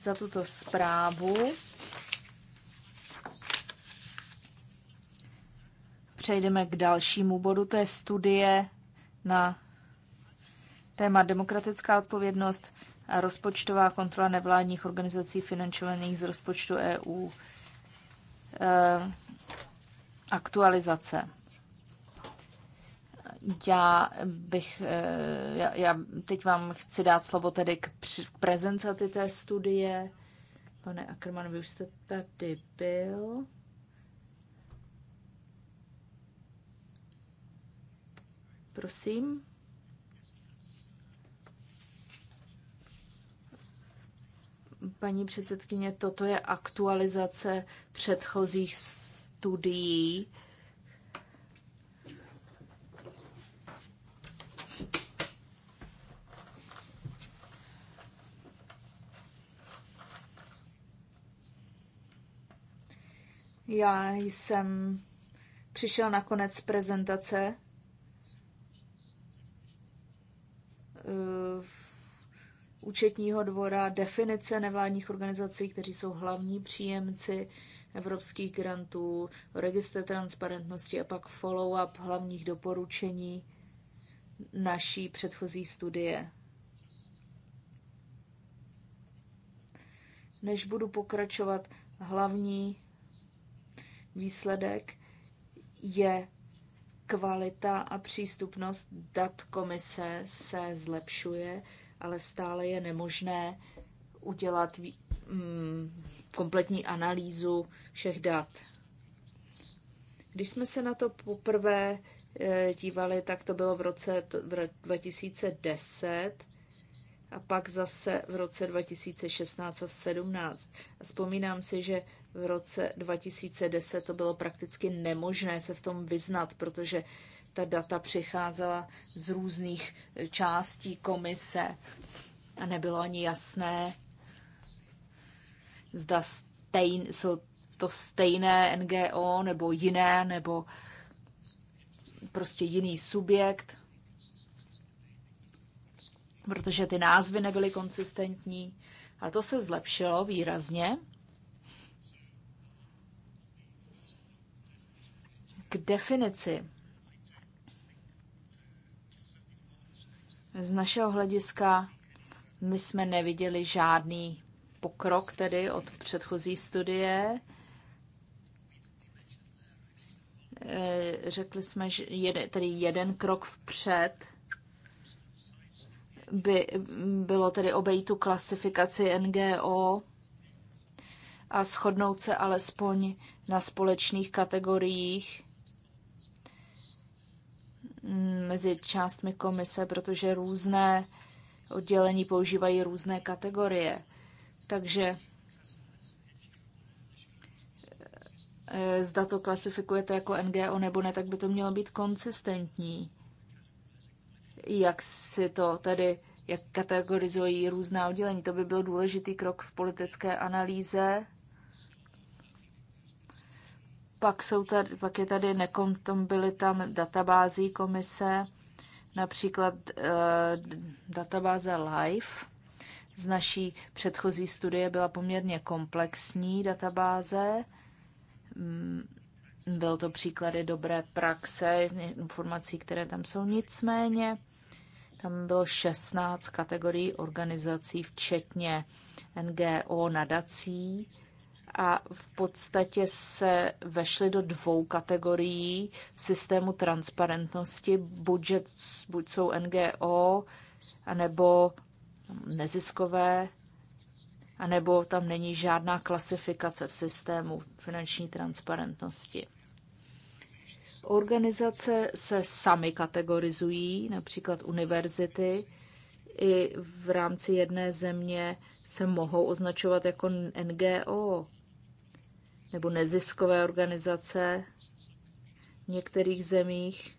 za tuto zprávu. Přejdeme k dalšímu bodu, té studie na téma demokratická odpovědnost a rozpočtová kontrola nevládních organizací finančovaných z rozpočtu EU. E, ehm, aktualizace. Já bych, eh, já, já teď vám chci dát slovo tedy k prezentaci té studie. Pane Ackerman, vy už jste tady byl. Prosím. Paní předsedkyně, toto je aktualizace předchozích studií Já jsem přišel na konec prezentace. Eh, v účetního dvora definice nevládních organizací, kteří jsou hlavní příjemci evropských grantů, registr transparentnosti a pak follow-up hlavních doporučení naší předchozí studie. Než budu pokračovat, hlavní Výsledek je kvalita a přístupnost dat komise se zlepšuje, ale stále je nemožné udělat mm, kompletní analýzu všech dat. Když jsme se na to poprvé eh, dívali, tak to bylo v roce 2010 a pak zase v roce 2016 a 17. A vzpomínám si, že v roce 2010 to bylo prakticky nemožné se v tom vyznat, protože ta data přicházela z různých eh, částí komise a nebylo ani jasné, zda stejn, jsou to stejné NGO nebo jiné, nebo prostě jiný subjekt, protože ty názvy nebyly konsistentní. A to se zlepšilo výrazně. K definici. Z našeho hlediska my jsme neviděli žádný pokrok tedy od předchozí studie. Eh, řekli jsme, že jeden, tedy jeden krok vpřed by bylo tedy obejít tu klasifikaci NGO a shodnout se alespoň na společných kategoriích mezi částmi komise, protože různé oddělení používají různé kategorie. Takže eh, zda to klasifikujete jako NGO nebo ne, tak by to mělo být konsistentní. Jak si to tedy, jak kategorizují různá oddělení. To by byl důležitý krok v politické analýze pak, jsou tady, pak je tady nekontombilita databází komise, například uh, databáze LIFE. Z naší předchozí studie byla poměrně komplexní databáze. Mm, byl to příklady dobré praxe, informací, které tam jsou. Nicméně tam bylo 16 kategorií organizací, včetně NGO nadací a v podstatě se vešly do dvou kategorií systému transparentnosti. Buď, buď jsou NGO, anebo neziskové, anebo tam není žádná klasifikace v systému finanční transparentnosti. Organizace se sami kategorizují, například univerzity, i v rámci jedné země se mohou označovat jako NGO, nebo neziskové organizace v některých zemích.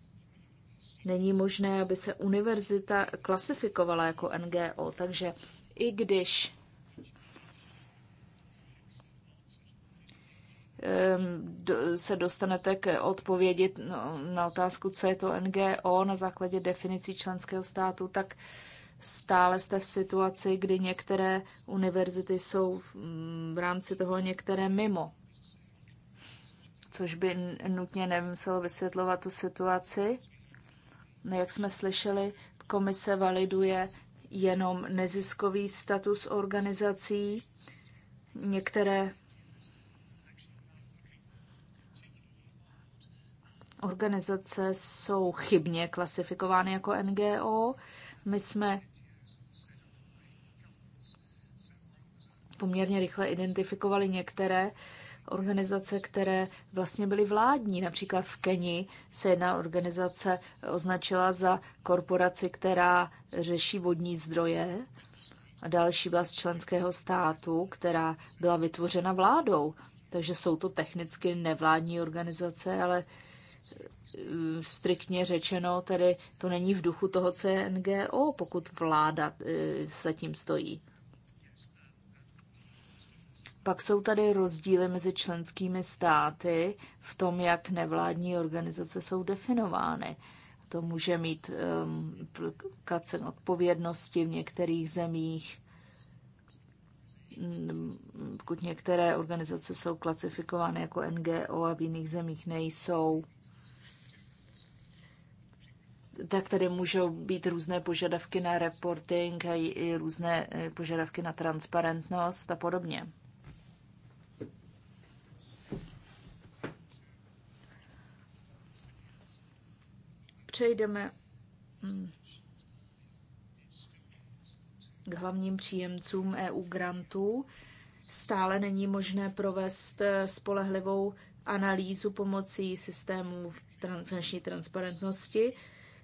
Není možné, aby se univerzita klasifikovala jako NGO, takže i když ehm, se dostanete k odpovědi no, na otázku, co je to NGO na základě definicí členského státu, tak stále jste v situaci, kdy některé univerzity jsou v mm, rámci toho některé mimo což by nutně nemuselo vysvětlovat tu situaci. Jak jsme slyšeli, komise validuje jenom neziskový status organizací. Některé organizace jsou chybně klasifikovány jako NGO. My jsme poměrně rychle identifikovali některé, organizace, které vlastně byly vládní. Například v Keni se jedna organizace označila za korporaci, která řeší vodní zdroje a další byla z členského státu, která byla vytvořena vládou. Takže jsou to technicky nevládní organizace, ale eh, striktně řečeno, tedy to není v duchu toho, co je NGO, pokud vláda se eh, tím stojí. Pak jsou tady rozdíly mezi členskými státy v tom, jak nevládní organizace jsou definovány. To může mít um, implikace um, odpovědnosti v některých zemích. Pokud některé organizace jsou klasifikovány jako NGO a v jiných zemích nejsou, tak tady můžou být různé požadavky na reporting a i různé eh, požadavky na transparentnost a podobně. přejdeme hm, k hlavním příjemcům EU grantů, stále není možné provést eh, spolehlivou analýzu pomocí systému finanční transparentnosti.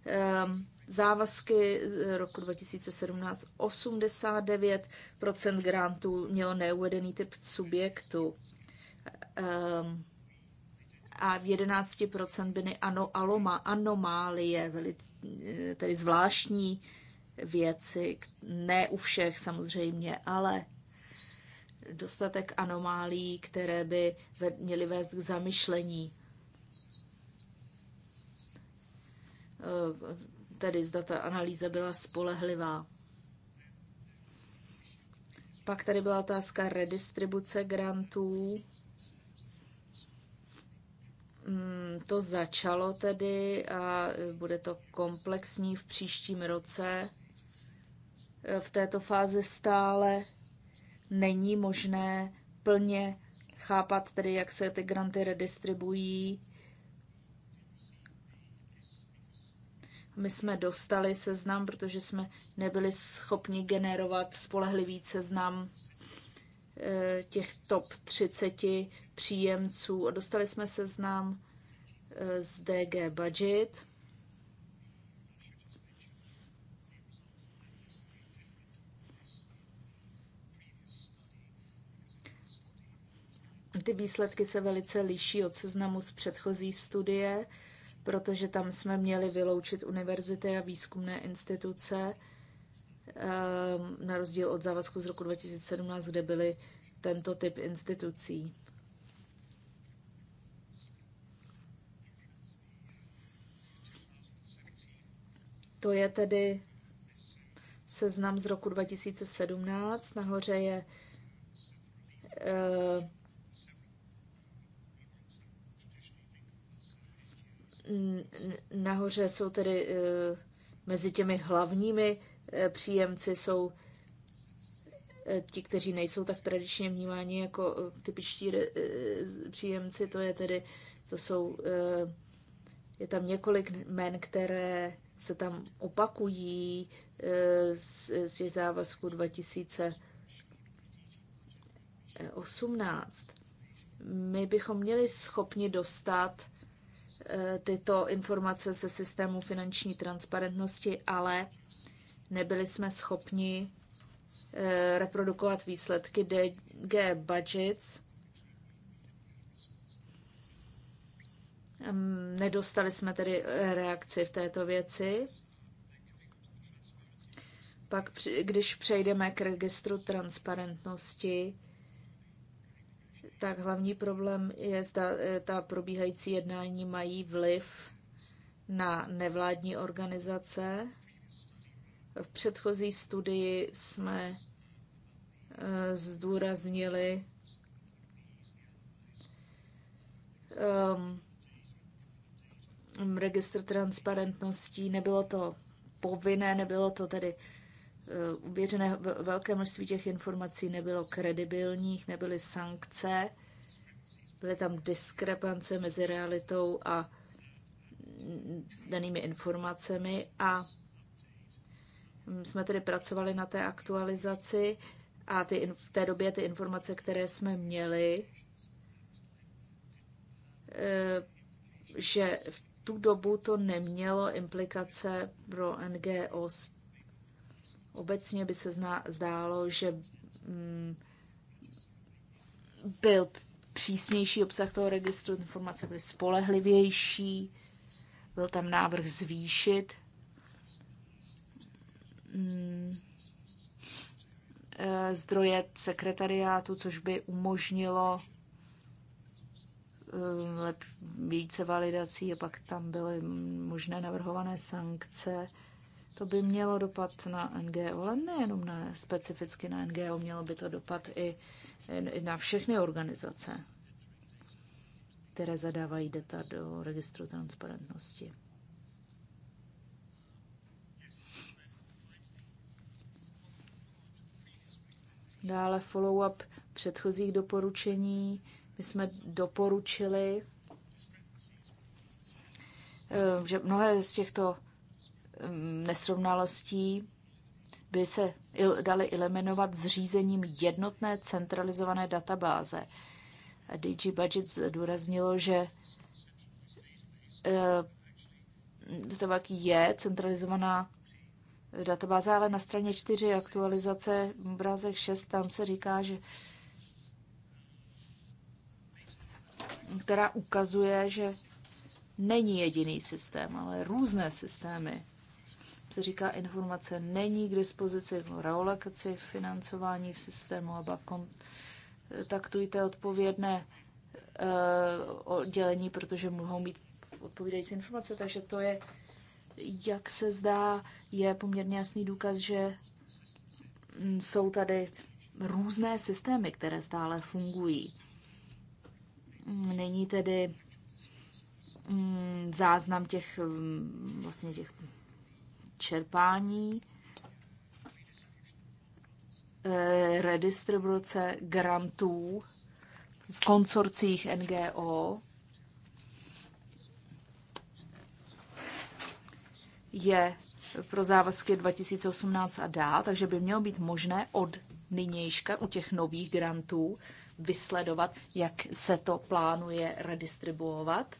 Ehm, závazky roku 2017 89 grantů mělo neuvedený typ subjektu. Ehm, a v 11% byly ano, aloma, anomálie, velice, eh, tedy zvláštní věci, ne u všech samozřejmě, ale dostatek anomálí, které by měly vést k zamyšlení. Eh, tedy zda ta analýza byla spolehlivá. Pak tady byla otázka redistribuce grantů Mm, to začalo tedy a bude to komplexní v příštím roce. E, v této fázi stále není možné plně chápat tedy, jak se ty granty redistribují. My jsme dostali seznam, protože jsme nebyli schopni generovat spolehlivý seznam Eh, těch top 30 příjemců a dostali jsme seznam eh, z DG Budget. Ty výsledky se velice liší od seznamu z předchozí studie, protože tam jsme měli vyloučit univerzity a výzkumné instituce Ehm, na rozdíl od závazku z roku 2017, kde byly tento typ institucí. To je tedy seznam z roku 2017. Nahoře je ehm, nahoře jsou tedy ehm, mezi těmi hlavními Eh, příjemci jsou eh, ti, kteří nejsou tak tradičně vnímáni jako eh, typičtí příjemci, to je tedy, to jsou, je tam několik men, které se tam opakují z, z těch závazků 2018. My bychom měli schopni dostat tyto informace ze systému finanční transparentnosti, ale nebyli jsme schopni eh, reprodukovat výsledky DG Budgets. Nedostali jsme tedy eh, reakci v této věci. Pak, když přejdeme k registru transparentnosti, tak hlavní problém je, zda eh, ta probíhající jednání mají vliv na nevládní organizace v předchozí studii jsme eh, zdůraznili um, registr transparentností. Nebylo to povinné, nebylo to tedy eh, uvěřené velké množství těch informací nebylo kredibilních, nebyly sankce, byly tam diskrepance mezi realitou a danými informacemi a Mm, jsme tedy pracovali na té aktualizaci a ty, v té době ty informace, které jsme měli, eh, že v tu dobu to nemělo implikace pro NGO. Obecně by se zna, zdálo, že mm, byl přísnější obsah toho registru, informace byly spolehlivější, byl tam návrh zvýšit Mm, eh, zdroje sekretariátu, což by umožnilo eh, více validací a pak tam byly možné navrhované sankce. To by mělo dopad na NGO, ale nejenom na, specificky na NGO, mělo by to dopad i, i na všechny organizace, které zadávají data do registru transparentnosti. Dále follow-up předchozích doporučení. My jsme doporučili, eh, že mnohé z těchto mm, nesrovnalostí by se daly eliminovat zřízením jednotné centralizované databáze. DG Budget zdůraznilo, že databáky eh, je centralizovaná databáze, ale na straně 4 aktualizace obrázek 6, tam se říká, že která ukazuje, že není jediný systém, ale různé systémy. Se říká, informace není k dispozici v reolokaci, v financování v systému, aba kontaktujte odpovědné uh, oddělení, protože mohou mít odpovídající informace, takže to je jak se zdá, je poměrně jasný důkaz, že jsou tady různé systémy, které stále fungují. Není tedy mm, záznam těch mm, vlastně těch čerpání, e, redistribuce grantů v konsorcích NGO, je pro závazky 2018 a dál, takže by mělo být možné od nynějška u těch nových grantů vysledovat, jak se to plánuje redistribuovat.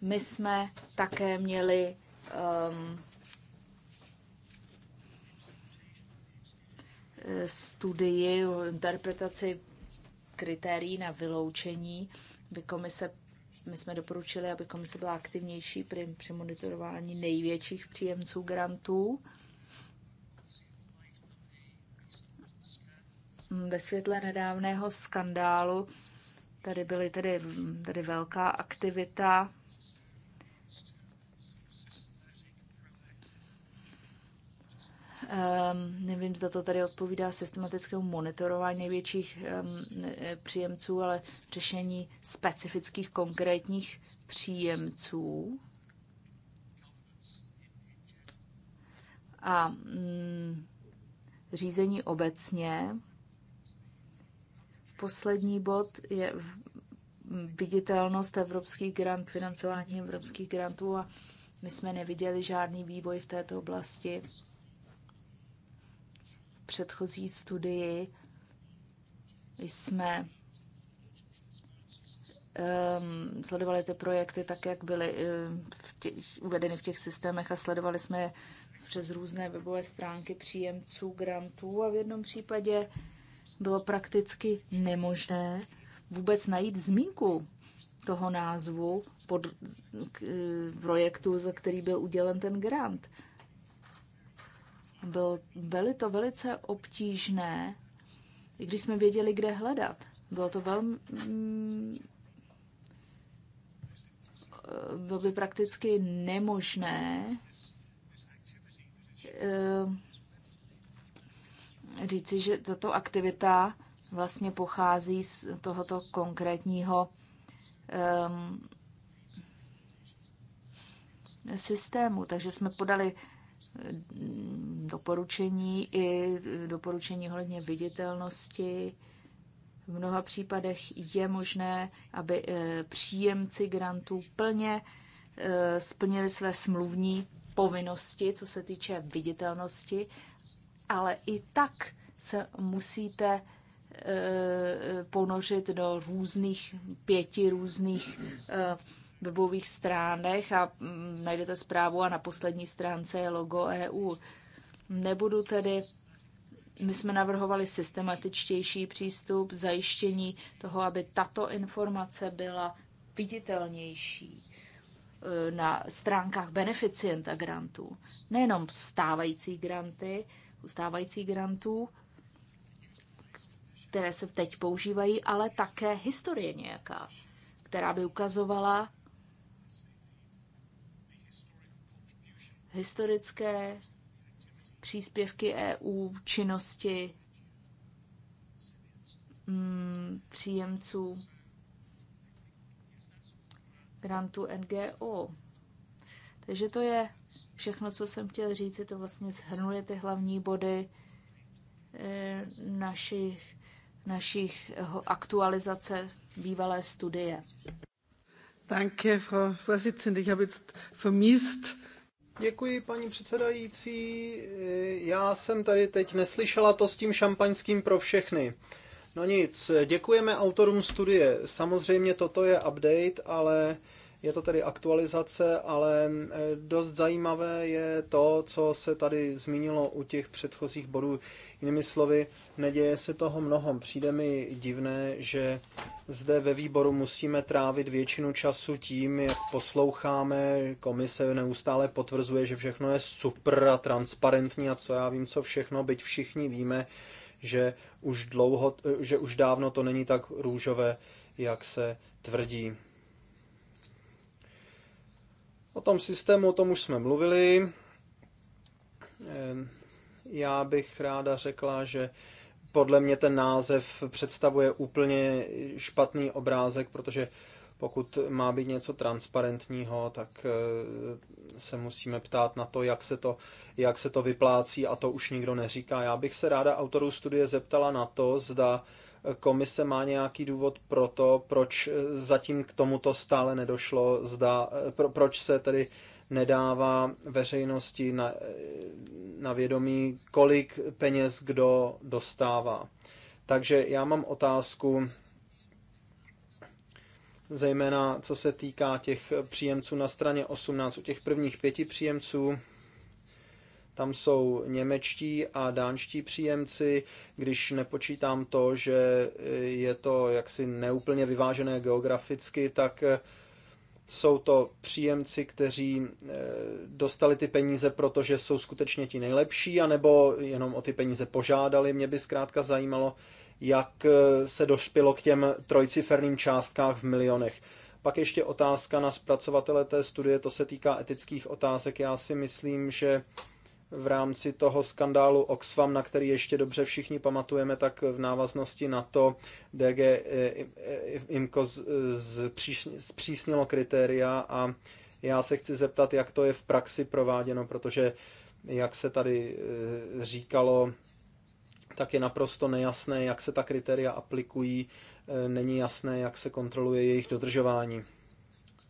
My jsme také měli um, studii o interpretaci kritérií na vyloučení by komise, my jsme doporučili, aby komise byla aktivnější při, při monitorování největších příjemců grantů. Ve světle nedávného skandálu tady byly tedy tady velká aktivita Um, nevím, zda to tady odpovídá systematickému monitorování největších um, příjemců, ale řešení specifických konkrétních příjemců. A mm, řízení obecně. Poslední bod je viditelnost evropských grant, financování evropských grantů a my jsme neviděli žádný vývoj v této oblasti předchozí studii jsme um, sledovali ty projekty tak, jak byly um, v těch, uvedeny v těch systémech a sledovali jsme je přes různé webové stránky příjemců grantů a v jednom případě bylo prakticky nemožné vůbec najít zmínku toho názvu pod k, eh, projektu, za který byl udělen ten grant. Byl, byly to velice obtížné, i když jsme věděli, kde hledat. Bylo to velmi... Mm, bylo by prakticky nemožné eh, říci, že tato aktivita vlastně pochází z tohoto konkrétního um, systému. Takže jsme podali doporučení i doporučení hledně viditelnosti. V mnoha případech je možné, aby eh, příjemci grantů plně eh, splnili své smluvní povinnosti, co se týče viditelnosti, ale i tak se musíte eh, ponořit do různých pěti různých webových stránech a mm, najdete zprávu a na poslední stránce je logo EU. Nebudu tedy my jsme navrhovali systematičtější přístup, zajištění toho, aby tato informace byla viditelnější e, na stránkách beneficienta grantů. Nejenom stávající granty, stávající grantů, které se teď používají, ale také historie nějaká, která by ukazovala, historické příspěvky EU, činnosti mm, příjemců grantu NGO. Takže to je všechno, co jsem chtěl říct, to vlastně shrnuje ty hlavní body eh, našich, našich eh, aktualizace bývalé studie. Danke, Frau Vorsitzende. Ich habe jetzt vermisst, Děkuji, paní předsedající. Já jsem tady teď neslyšela to s tím šampaňským pro všechny. No nic, děkujeme autorům studie. Samozřejmě toto je update, ale je to tedy aktualizace, ale eh, dost zajímavé je to, co se tady zmínilo u těch předchozích bodů. Jinými slovy, neděje se toho mnoho. Přijde mi divné, že zde ve výboru musíme trávit většinu času tím, jak posloucháme, komise neustále potvrzuje, že všechno je super a transparentní a co já vím, co všechno, byť všichni víme, že už, dlouho, eh, že už dávno to není tak růžové, jak se tvrdí. O tom systému, o tom už jsme mluvili. Ehm, já bych ráda řekla, že podle mě ten název představuje úplně špatný obrázek, protože pokud má být něco transparentního, tak eh, se musíme ptát na to, jak se to, jak se to vyplácí a to už nikdo neříká. Já bych se ráda autorů studie zeptala na to, zda komise má nějaký důvod pro to, proč eh, zatím k tomuto stále nedošlo, zda, eh, pro, proč se tedy nedává veřejnosti na, eh, na vědomí, kolik peněz kdo dostává. Takže já mám otázku, zejména co se týká těch příjemců na straně 18, u těch prvních pěti příjemců, tam jsou němečtí a dánští příjemci, když nepočítám to, že eh, je to jaksi neúplně vyvážené geograficky, tak eh, jsou to příjemci, kteří eh, dostali ty peníze, protože jsou skutečně ti nejlepší, anebo jenom o ty peníze požádali. Mě by zkrátka zajímalo, jak se došpilo k těm trojciferným částkách v milionech. Pak ještě otázka na zpracovatele té studie, to se týká etických otázek. Já si myslím, že v rámci toho skandálu Oxfam, na který ještě dobře všichni pamatujeme, tak v návaznosti na to DG eh, eh, IMCO zpřísnilo kritéria a já se chci zeptat, jak to je v praxi prováděno, protože jak se tady eh, říkalo, tak je naprosto nejasné, jak se ta kritéria aplikují, není jasné, jak se kontroluje jejich dodržování.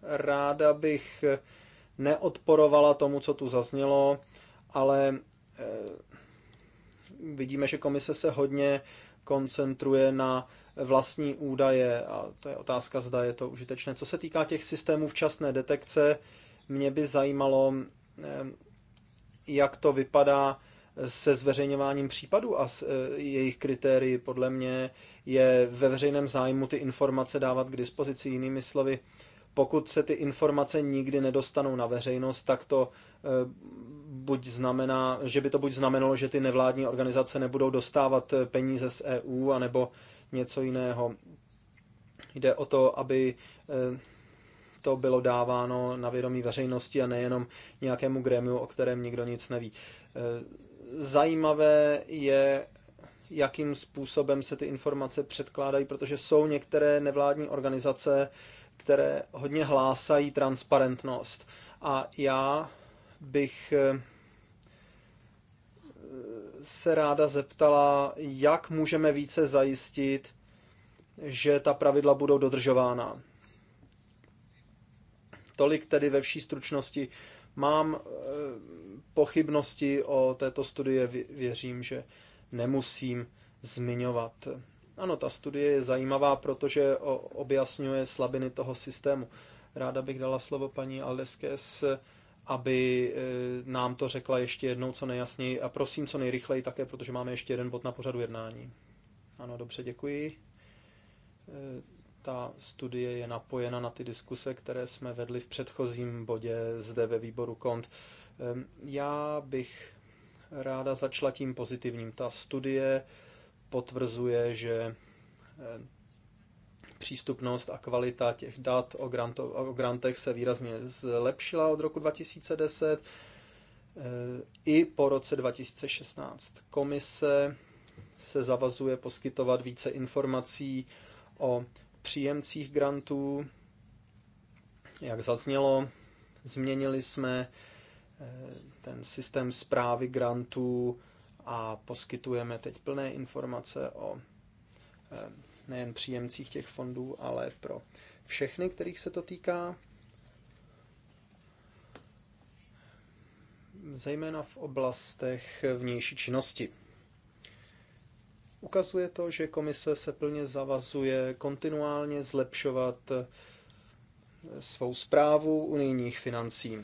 Ráda bych neodporovala tomu, co tu zaznělo, ale eh, vidíme, že komise se hodně koncentruje na vlastní údaje a to je otázka, zda je to užitečné. Co se týká těch systémů včasné detekce, mě by zajímalo, eh, jak to vypadá se zveřejňováním případů a s, eh, jejich kritérií. Podle mě je ve veřejném zájmu ty informace dávat k dispozici. Jinými slovy, pokud se ty informace nikdy nedostanou na veřejnost, tak to buď znamená, že by to buď znamenalo, že ty nevládní organizace nebudou dostávat eh, peníze z EU, anebo něco jiného. Jde o to, aby eh, to bylo dáváno na vědomí veřejnosti a nejenom nějakému grémiu, o kterém nikdo nic neví. Eh, zajímavé je, jakým způsobem se ty informace předkládají, protože jsou některé nevládní organizace, které hodně hlásají transparentnost. A já bych se ráda zeptala, jak můžeme více zajistit, že ta pravidla budou dodržována. Tolik tedy ve vší stručnosti. Mám eh, pochybnosti o této studie, věřím, že nemusím zmiňovat. Ano, ta studie je zajímavá, protože objasňuje slabiny toho systému. Ráda bych dala slovo paní Aldeskes, aby eh, nám to řekla ještě jednou co nejjasněji a prosím co nejrychleji také, protože máme ještě jeden bod na pořadu jednání. Ano, dobře, děkuji. Eh, ta studie je napojena na ty diskuse, které jsme vedli v předchozím bodě zde ve výboru KONT. Ehm, já bych ráda začala tím pozitivním. Ta studie potvrzuje, že eh, přístupnost a kvalita těch dat o, granto, o grantech se výrazně zlepšila od roku 2010 eh, i po roce 2016. Komise se zavazuje poskytovat více informací o příjemcích grantů. Jak zaznělo, změnili jsme eh, ten systém zprávy grantů a poskytujeme teď plné informace o eh, nejen příjemcích těch fondů, ale pro všechny, kterých se to týká. Zejména v oblastech vnější činnosti. Ukazuje to, že komise se plně zavazuje kontinuálně zlepšovat svou zprávu unijních financí.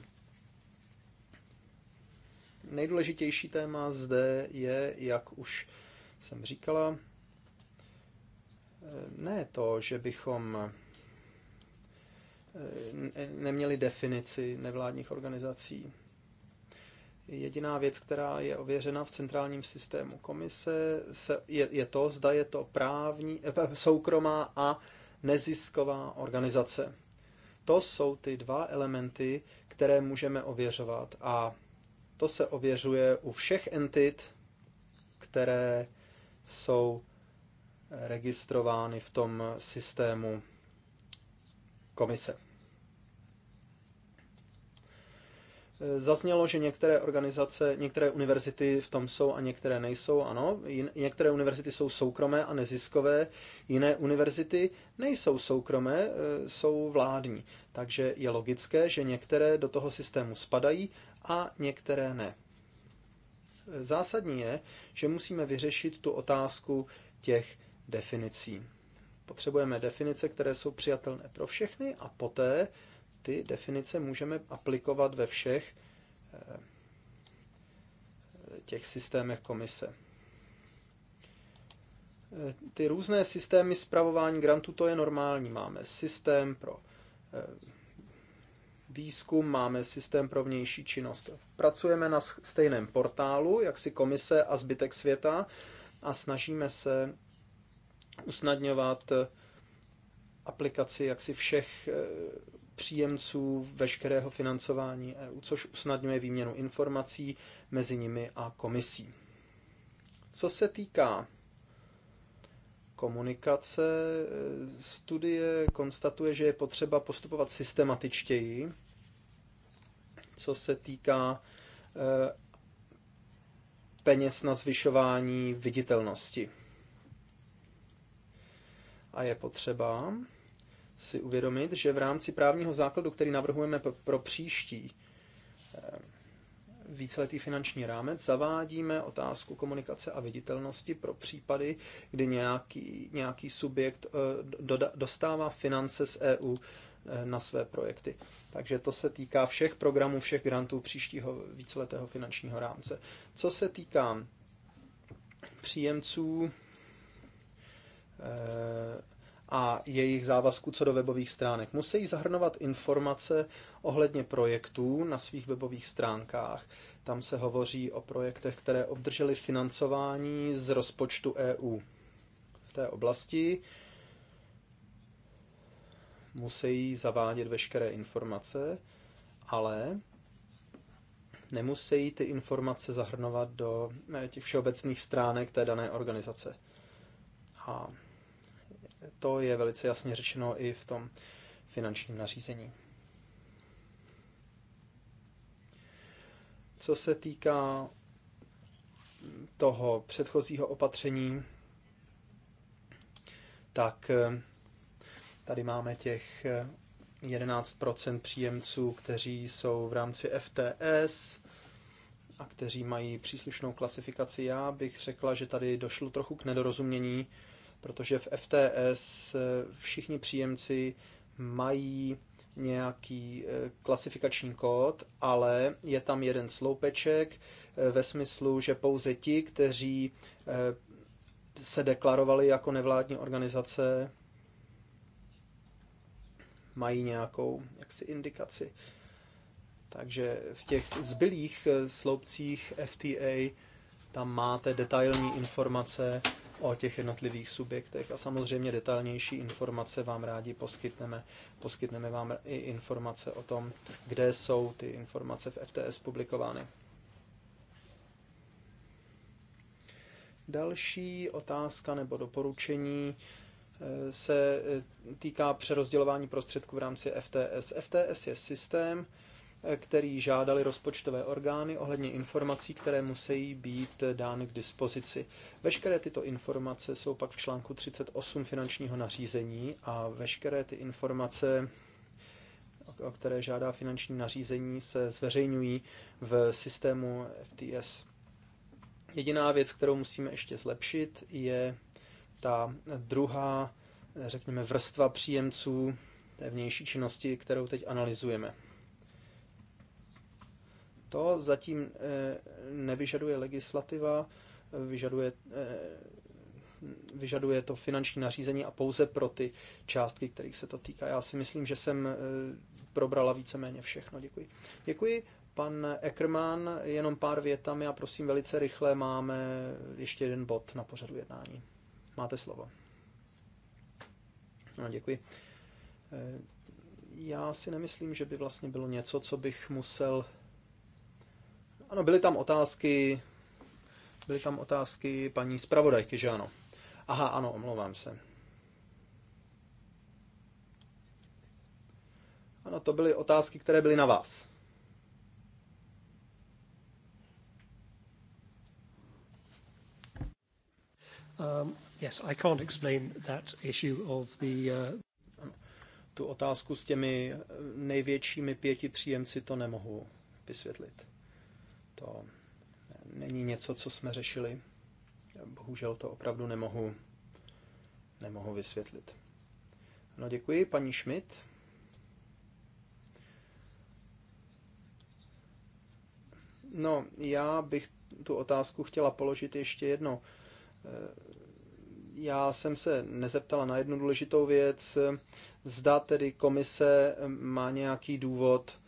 Nejdůležitější téma zde je, jak už jsem říkala, ne to, že bychom eh, neměli definici nevládních organizací. Jediná věc, která je ověřena v centrálním systému komise, je, je to, zda je to právní, eh, soukromá a nezisková organizace. To jsou ty dva elementy, které můžeme ověřovat. A to se ověřuje u všech entit, které jsou registrovány v tom systému komise. Zaznělo, že některé organizace, některé univerzity v tom jsou a některé nejsou, ano. Některé univerzity jsou soukromé a neziskové, jiné univerzity nejsou soukromé, e, jsou vládní. Takže je logické, že některé do toho systému spadají a některé ne. E, zásadní je, že musíme vyřešit tu otázku těch definicí. Potřebujeme definice, které jsou přijatelné pro všechny a poté ty definice můžeme aplikovat ve všech eh, těch systémech komise. Eh, ty různé systémy zpravování grantů, to je normální. Máme systém pro eh, výzkum, máme systém pro vnější činnost. Pracujeme na stejném portálu, jak si komise a zbytek světa, a snažíme se usnadňovat eh, aplikaci jaksi všech eh, příjemců veškerého financování EU, což usnadňuje výměnu informací mezi nimi a komisí. Co se týká komunikace, eh, studie konstatuje, že je potřeba postupovat systematičtěji, co se týká peněz na zvyšování viditelnosti. A je potřeba si uvědomit, že v rámci právního základu, který navrhujeme pro příští eh, víceletý finanční rámec, zavádíme otázku komunikace a viditelnosti pro případy, kdy nějaký, nějaký subjekt eh, dostává finance z EU eh, na své projekty. Takže to se týká všech programů, všech grantů příštího víceletého finančního rámce. Co se týká příjemců Eh, a jejich závazků co do webových stránek. Musí zahrnovat informace ohledně projektů na svých webových stránkách. Tam se hovoří o projektech, které obdržely financování z rozpočtu EU. V té oblasti musí zavádět veškeré informace, ale nemusí ty informace zahrnovat do eh, těch všeobecných stránek té dané organizace. A to je velice jasně řečeno i v tom finančním nařízení. Co se týká toho předchozího opatření, tak eh, tady máme těch 11 eh, příjemců, kteří jsou v rámci FTS a kteří mají příslušnou klasifikaci. Já bych řekla, že tady došlo trochu k nedorozumění protože v FTS eh, všichni příjemci mají nějaký eh, klasifikační kód, ale je tam jeden sloupeček eh, ve smyslu, že pouze ti, kteří se deklarovali jako nevládní organizace, mají nějakou jaksi indikaci. Takže v těch zbylých sloupcích FTA tam máte detailní informace o těch jednotlivých subjektech a samozřejmě detailnější informace vám rádi poskytneme. Poskytneme vám i informace o tom, kde jsou ty informace v FTS publikovány. Další otázka nebo doporučení eh, se eh, týká přerozdělování prostředků v rámci FTS. FTS je systém, který žádali rozpočtové orgány ohledně informací, které musí být dány k dispozici. Veškeré tyto informace jsou pak v článku 38 finančního nařízení a veškeré ty informace, o které žádá finanční nařízení, se zveřejňují v systému FTS. Jediná věc, kterou musíme ještě zlepšit, je ta druhá, řekněme, vrstva příjemců té vnější činnosti, kterou teď analyzujeme. To zatím eh, nevyžaduje legislativa, vyžaduje, eh, vyžaduje to finanční nařízení a pouze pro ty částky, kterých se to týká. Já si myslím, že jsem eh, probrala víceméně všechno. Děkuji. Děkuji. Pan Eckermann, jenom pár větami a prosím velice rychle máme ještě jeden bod na pořadu jednání. Máte slovo. No, děkuji. Já si nemyslím, že by vlastně bylo něco, co bych musel ano, byly tam otázky, byly tam otázky paní zpravodajky, že ano? Aha, ano, omlouvám se. Ano, to byly otázky, které byly na vás. Um, yes, I can't explain that issue of the... Uh... Tu otázku s těmi eh, největšími pěti příjemci to nemohu vysvětlit. To není něco, co jsme řešili. Bohužel to opravdu nemohu, nemohu vysvětlit. No děkuji, paní Schmidt. No, já bych tu otázku chtěla položit ještě jedno. Já jsem se nezeptala na jednu důležitou věc. Zda tedy komise má nějaký důvod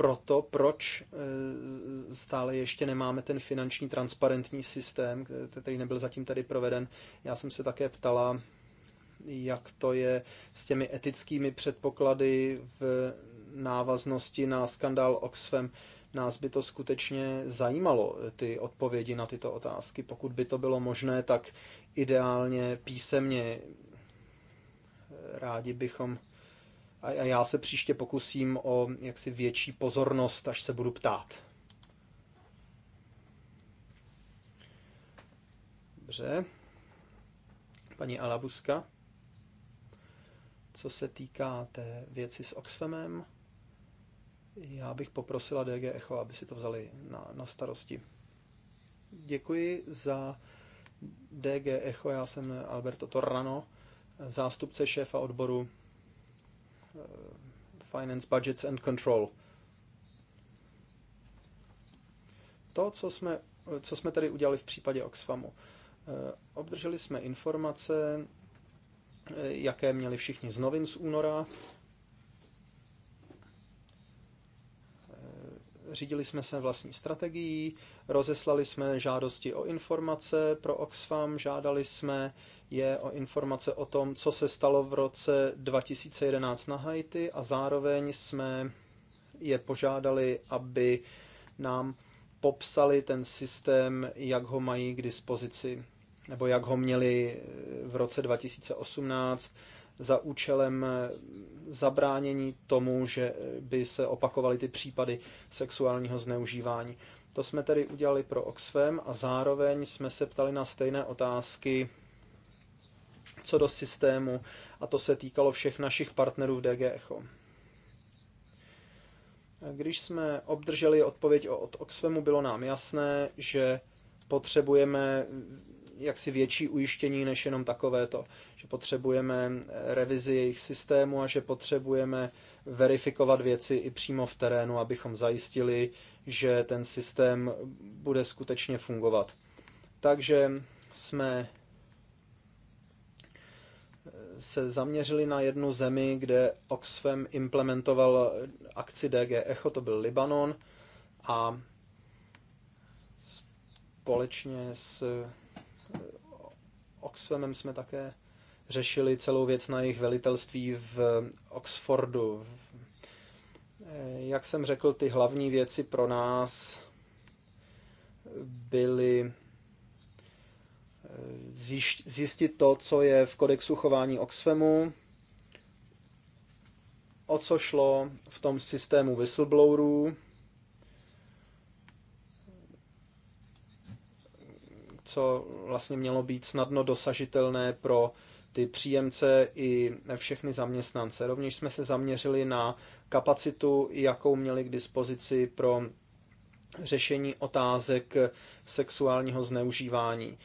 proto, proč eh, stále ještě nemáme ten finanční transparentní systém, který nebyl zatím tady proveden. Já jsem se také ptala, jak to je s těmi etickými předpoklady v návaznosti na skandál Oxfam. Nás by to skutečně zajímalo, ty odpovědi na tyto otázky. Pokud by to bylo možné, tak ideálně písemně rádi bychom a já se příště pokusím o jaksi větší pozornost, až se budu ptát. Dobře. Paní Alabuska, co se týká té věci s Oxfamem, já bych poprosila DG Echo, aby si to vzali na, na starosti. Děkuji za DG Echo, já jsem Alberto Torrano, zástupce šéfa odboru Eh, finance Budgets and Control. To, co jsme, co jsme tady udělali v případě Oxfamu. Eh, obdrželi jsme informace, eh, jaké měli všichni z novin z února řídili jsme se vlastní strategií, rozeslali jsme žádosti o informace pro Oxfam, žádali jsme je o informace o tom, co se stalo v roce 2011 na Haiti a zároveň jsme je požádali, aby nám popsali ten systém, jak ho mají k dispozici, nebo jak ho měli v roce 2018 za účelem eh, zabránění tomu, že eh, by se opakovaly ty případy sexuálního zneužívání. To jsme tedy udělali pro Oxfam a zároveň jsme se ptali na stejné otázky co do systému a to se týkalo všech našich partnerů v DG Echo. Když jsme obdrželi odpověď od Oxfamu, bylo nám jasné, že potřebujeme jaksi větší ujištění než jenom takovéto, že potřebujeme eh, revizi jejich systému a že potřebujeme verifikovat věci i přímo v terénu, abychom zajistili, že ten systém bude skutečně fungovat. Takže jsme eh, se zaměřili na jednu zemi, kde Oxfam implementoval akci DG Echo, to byl Libanon, a společně s Oxfamem jsme také řešili celou věc na jejich velitelství v Oxfordu. Jak jsem řekl, ty hlavní věci pro nás byly eh, zjistit to, co je v kodexu chování Oxfamu, o co šlo v tom systému whistleblowerů, co vlastně mělo být snadno dosažitelné pro ty příjemce i všechny zaměstnance. Rovněž jsme se zaměřili na kapacitu, jakou měli k dispozici pro řešení otázek sexuálního zneužívání.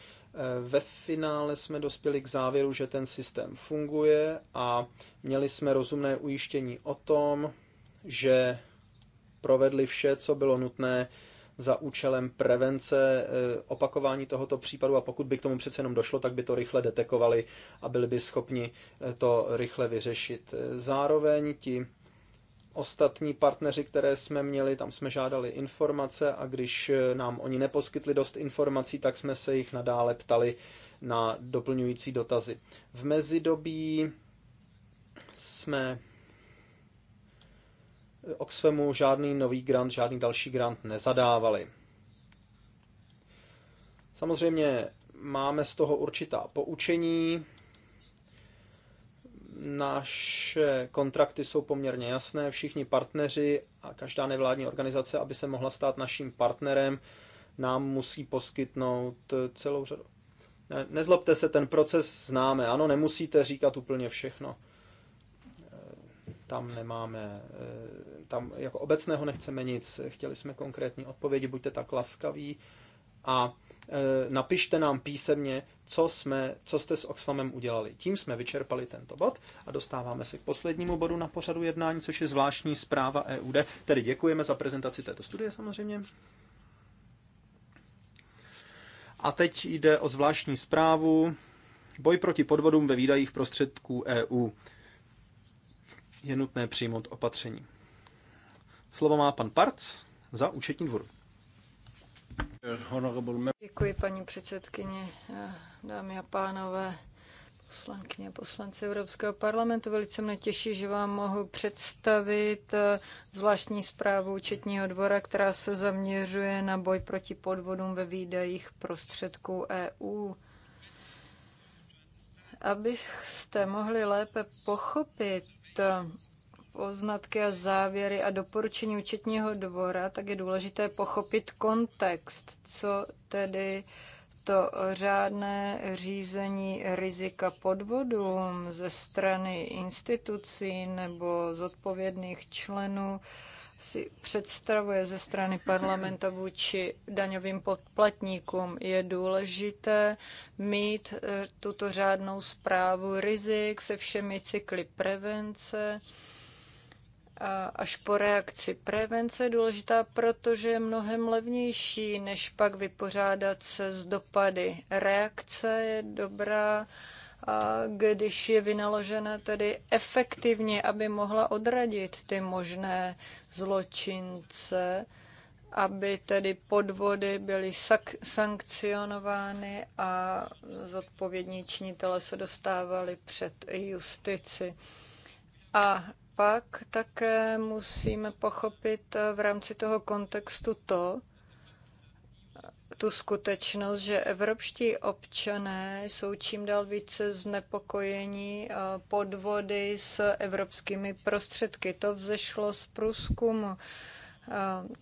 Ve finále jsme dospěli k závěru, že ten systém funguje a měli jsme rozumné ujištění o tom, že provedli vše, co bylo nutné za účelem prevence eh, opakování tohoto případu a pokud by k tomu přece jenom došlo, tak by to rychle detekovali a byli by schopni eh, to rychle vyřešit. Zároveň ti ostatní partneři, které jsme měli, tam jsme žádali informace a když eh, nám oni neposkytli dost informací, tak jsme se jich nadále ptali na doplňující dotazy. V mezidobí jsme Oxfamu žádný nový grant, žádný další grant nezadávali. Samozřejmě máme z toho určitá poučení. Naše kontrakty jsou poměrně jasné, všichni partneři a každá nevládní organizace, aby se mohla stát naším partnerem, nám musí poskytnout celou řadu. nezlobte se, ten proces známe, ano, nemusíte říkat úplně všechno tam nemáme, eh, tam jako obecného nechceme nic, chtěli jsme konkrétní odpovědi, buďte tak laskaví a eh, napište nám písemně, co, jsme, co jste s Oxfamem udělali. Tím jsme vyčerpali tento bod a dostáváme se k poslednímu bodu na pořadu jednání, což je zvláštní zpráva EUD. Tedy děkujeme za prezentaci této studie samozřejmě. A teď jde o zvláštní zprávu Boj proti podvodům ve výdajích prostředků EU je nutné přijmout opatření. Slovo má pan Parc za účetní dvůr. Děkuji, paní předsedkyně, dámy a pánové, poslankyně, poslanci Evropského parlamentu. Velice mě těší, že vám mohu představit eh, zvláštní zprávu účetního dvora, která se zaměřuje na boj proti podvodům ve výdajích prostředků EU. Abyste mohli lépe pochopit poznatky a závěry a doporučení účetního dvora, tak je důležité pochopit kontext, co tedy to řádné řízení rizika podvodům ze strany institucí nebo zodpovědných členů si představuje ze strany parlamenta vůči daňovým poplatníkům. Je důležité mít eh, tuto řádnou zprávu rizik se všemi cykly prevence až po reakci. Prevence je důležitá, protože je mnohem levnější, než pak vypořádat se s dopady. Reakce je dobrá když je vynaložena tedy efektivně, aby mohla odradit ty možné zločince, aby tedy podvody byly sankcionovány a zodpovědní činitele se dostávali před justici. A pak také musíme pochopit v rámci toho kontextu to, tu skutečnost, že evropští občané jsou čím dál více znepokojení eh, podvody s evropskými prostředky. To vzešlo z průzkumu. Eh,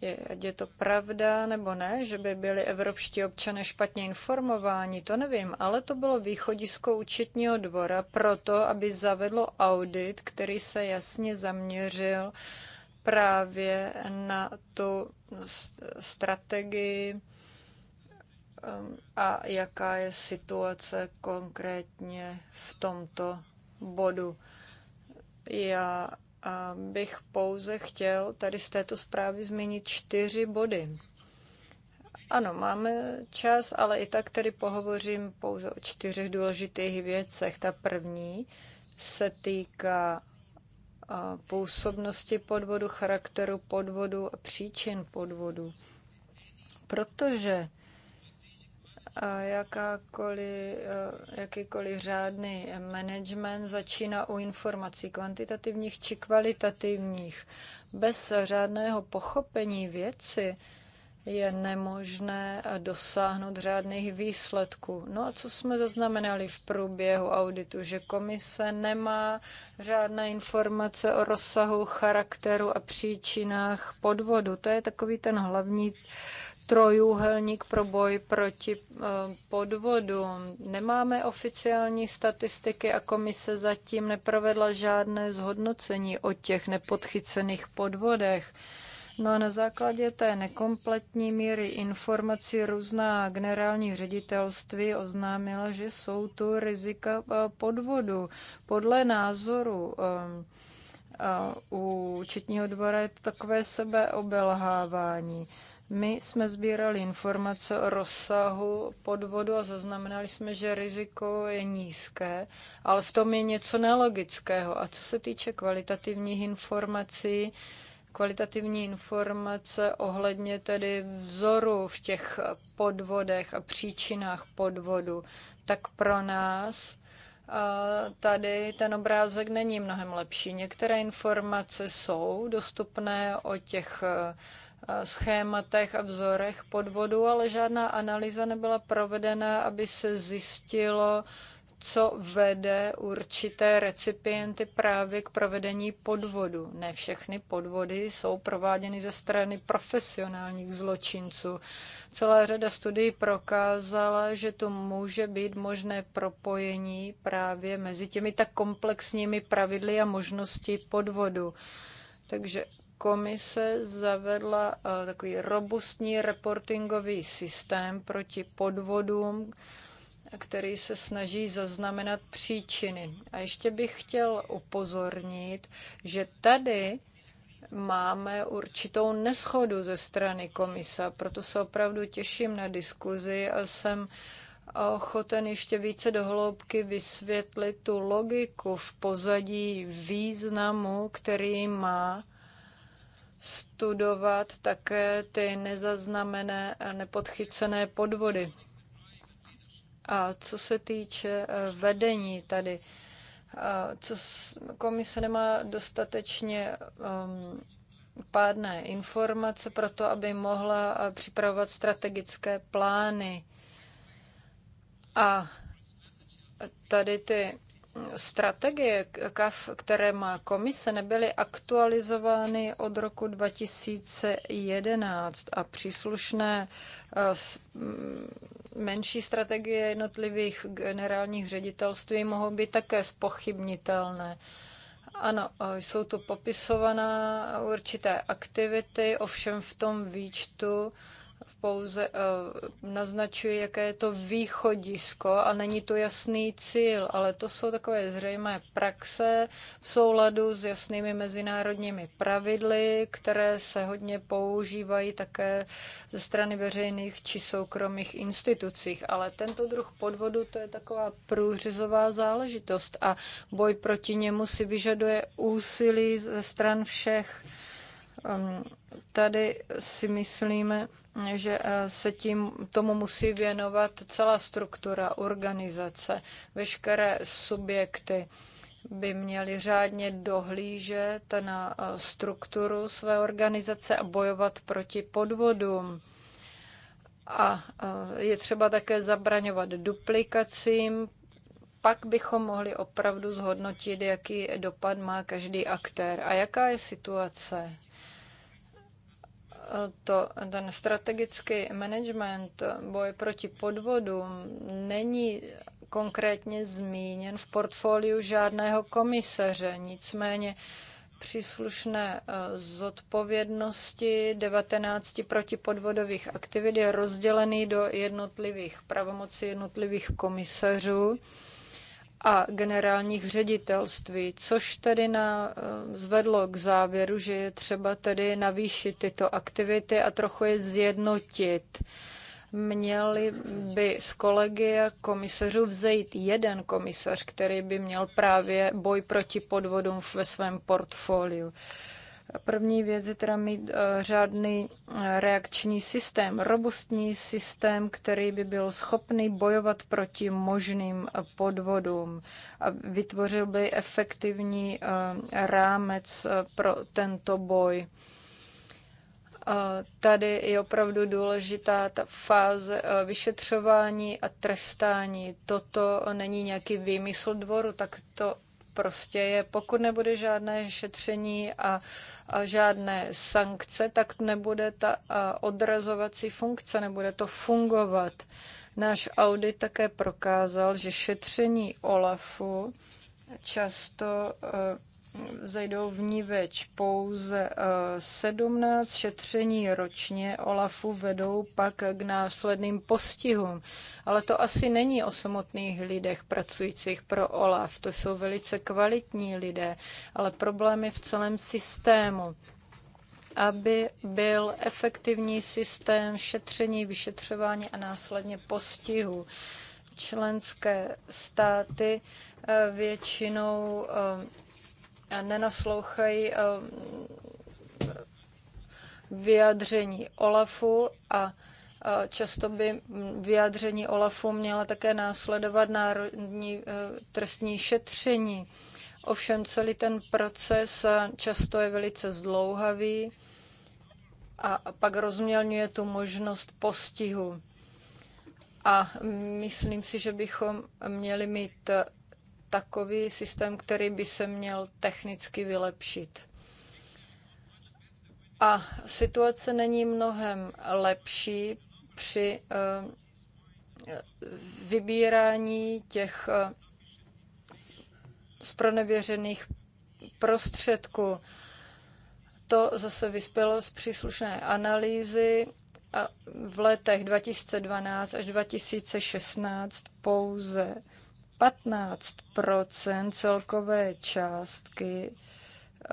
je, je to pravda nebo ne, že by byli evropští občané špatně informováni, to nevím, ale to bylo východisko účetního dvora proto, aby zavedlo audit, který se jasně zaměřil právě na tu strategii Um, a jaká je situace konkrétně v tomto bodu. Já bych pouze chtěl tady z této zprávy změnit čtyři body. Ano, máme čas, ale i tak tedy pohovořím pouze o čtyřech důležitých věcech. Ta první se týká působnosti podvodu, charakteru podvodu a příčin podvodu. Protože jakákoliv, eh, jakýkoliv řádný management začíná u informací kvantitativních či kvalitativních. Bez řádného pochopení věci je nemožné dosáhnout řádných výsledků. No a co jsme zaznamenali v průběhu auditu, že komise nemá řádné informace o rozsahu, charakteru a příčinách podvodu. To je takový ten hlavní trojúhelník pro boj proti eh, podvodům. Nemáme oficiální statistiky a komise zatím neprovedla žádné zhodnocení o těch nepodchycených podvodech. No a na základě té nekompletní míry informací různá generální ředitelství oznámila, že jsou tu rizika eh, podvodu. Podle názoru u eh, Četního dvora je to takové sebeobelhávání. My jsme sbírali informace o rozsahu podvodu a zaznamenali jsme, že riziko je nízké, ale v tom je něco nelogického. A co se týče kvalitativních informací, kvalitativní informace ohledně tedy vzoru v těch podvodech a příčinách podvodu, tak pro nás tady ten obrázek není mnohem lepší. Některé informace jsou dostupné o těch schématech a vzorech podvodu, ale žádná analýza nebyla provedena, aby se zjistilo, co vede určité recipienty právě k provedení podvodu. Ne všechny podvody jsou prováděny ze strany profesionálních zločinců. Celá řada studií prokázala, že to může být možné propojení právě mezi těmi tak komplexními pravidly a možností podvodu. Takže komise zavedla eh, takový robustní reportingový systém proti podvodům, který se snaží zaznamenat příčiny. A ještě bych chtěl upozornit, že tady máme určitou neschodu ze strany komisa, proto se opravdu těším na diskuzi a jsem ochoten ještě více dohloubky vysvětlit tu logiku v pozadí významu, který má studovat také ty nezaznamené a nepodchycené podvody. A co se týče eh, vedení tady, eh, co komise nemá dostatečně ehm, pádné informace pro to, aby mohla eh, připravovat strategické plány. A tady ty strategie které má komise, nebyly aktualizovány od roku 2011 a příslušné eh, mm, menší strategie jednotlivých generálních ředitelství mohou být také spochybnitelné. Ano, eh, jsou tu popisovaná určité aktivity, ovšem v tom výčtu pouze eh, naznačuje, jaké je to východisko a není to jasný cíl, ale to jsou takové zřejmé praxe v souladu s jasnými mezinárodními pravidly, které se hodně používají také ze strany veřejných či soukromých institucích. Ale tento druh podvodu to je taková průřezová záležitost a boj proti němu si vyžaduje úsilí ze stran všech um, tady si myslíme, že eh, se tím, tomu musí věnovat celá struktura, organizace, veškeré subjekty by měli řádně dohlížet na eh, strukturu své organizace a bojovat proti podvodům. A eh, je třeba také zabraňovat duplikacím, pak bychom mohli opravdu zhodnotit, jaký dopad má každý aktér a jaká je situace to, ten strategický management, boj proti podvodům, není konkrétně zmíněn v portfoliu žádného komisaře. Nicméně příslušné eh, zodpovědnosti 19 protipodvodových aktivit je rozdělený do jednotlivých pravomocí jednotlivých komisařů a generálních ředitelství, což tedy na, eh, zvedlo k závěru, že je třeba tedy navýšit tyto aktivity a trochu je zjednotit. Měli by z kolegy a komisařů vzejít jeden komisař, který by měl právě boj proti podvodům ve svém portfoliu. První věc je teda mít eh, řádný eh, reakční systém, robustní systém, který by byl schopný bojovat proti možným eh, podvodům a vytvořil by efektivní rámec pro tento boj. Tady je opravdu důležitá ta fáze vyšetřování a trestání. Toto není nějaký výmysl dvoru, tak to prostě je, pokud nebude žádné šetření a, a žádné sankce, tak nebude ta odrazovací funkce, nebude to fungovat. Náš audit také prokázal, že šetření OLAFu často e, zajdou v ní več pouze 17 eh, šetření ročně OLAFu vedou pak k následným postihům. Ale to asi není o samotných lidech pracujících pro OLAF. To jsou velice kvalitní lidé, ale problémy v celém systému aby byl efektivní systém šetření, vyšetřování a následně postihu. Členské státy eh, většinou eh, nenaslouchají eh, vyjádření Olafu a eh, Často by vyjádření OLAFu měla také následovat národní eh, trestní šetření. Ovšem celý ten proces často je velice zdlouhavý a pak rozmělňuje tu možnost postihu. A myslím si, že bychom měli mít takový systém, který by se měl technicky vylepšit. A situace není mnohem lepší při eh, vybírání těch spronevěřených eh, prostředků. To zase vyspělo z příslušné analýzy a v letech 2012 až 2016 pouze 15 celkové částky eh,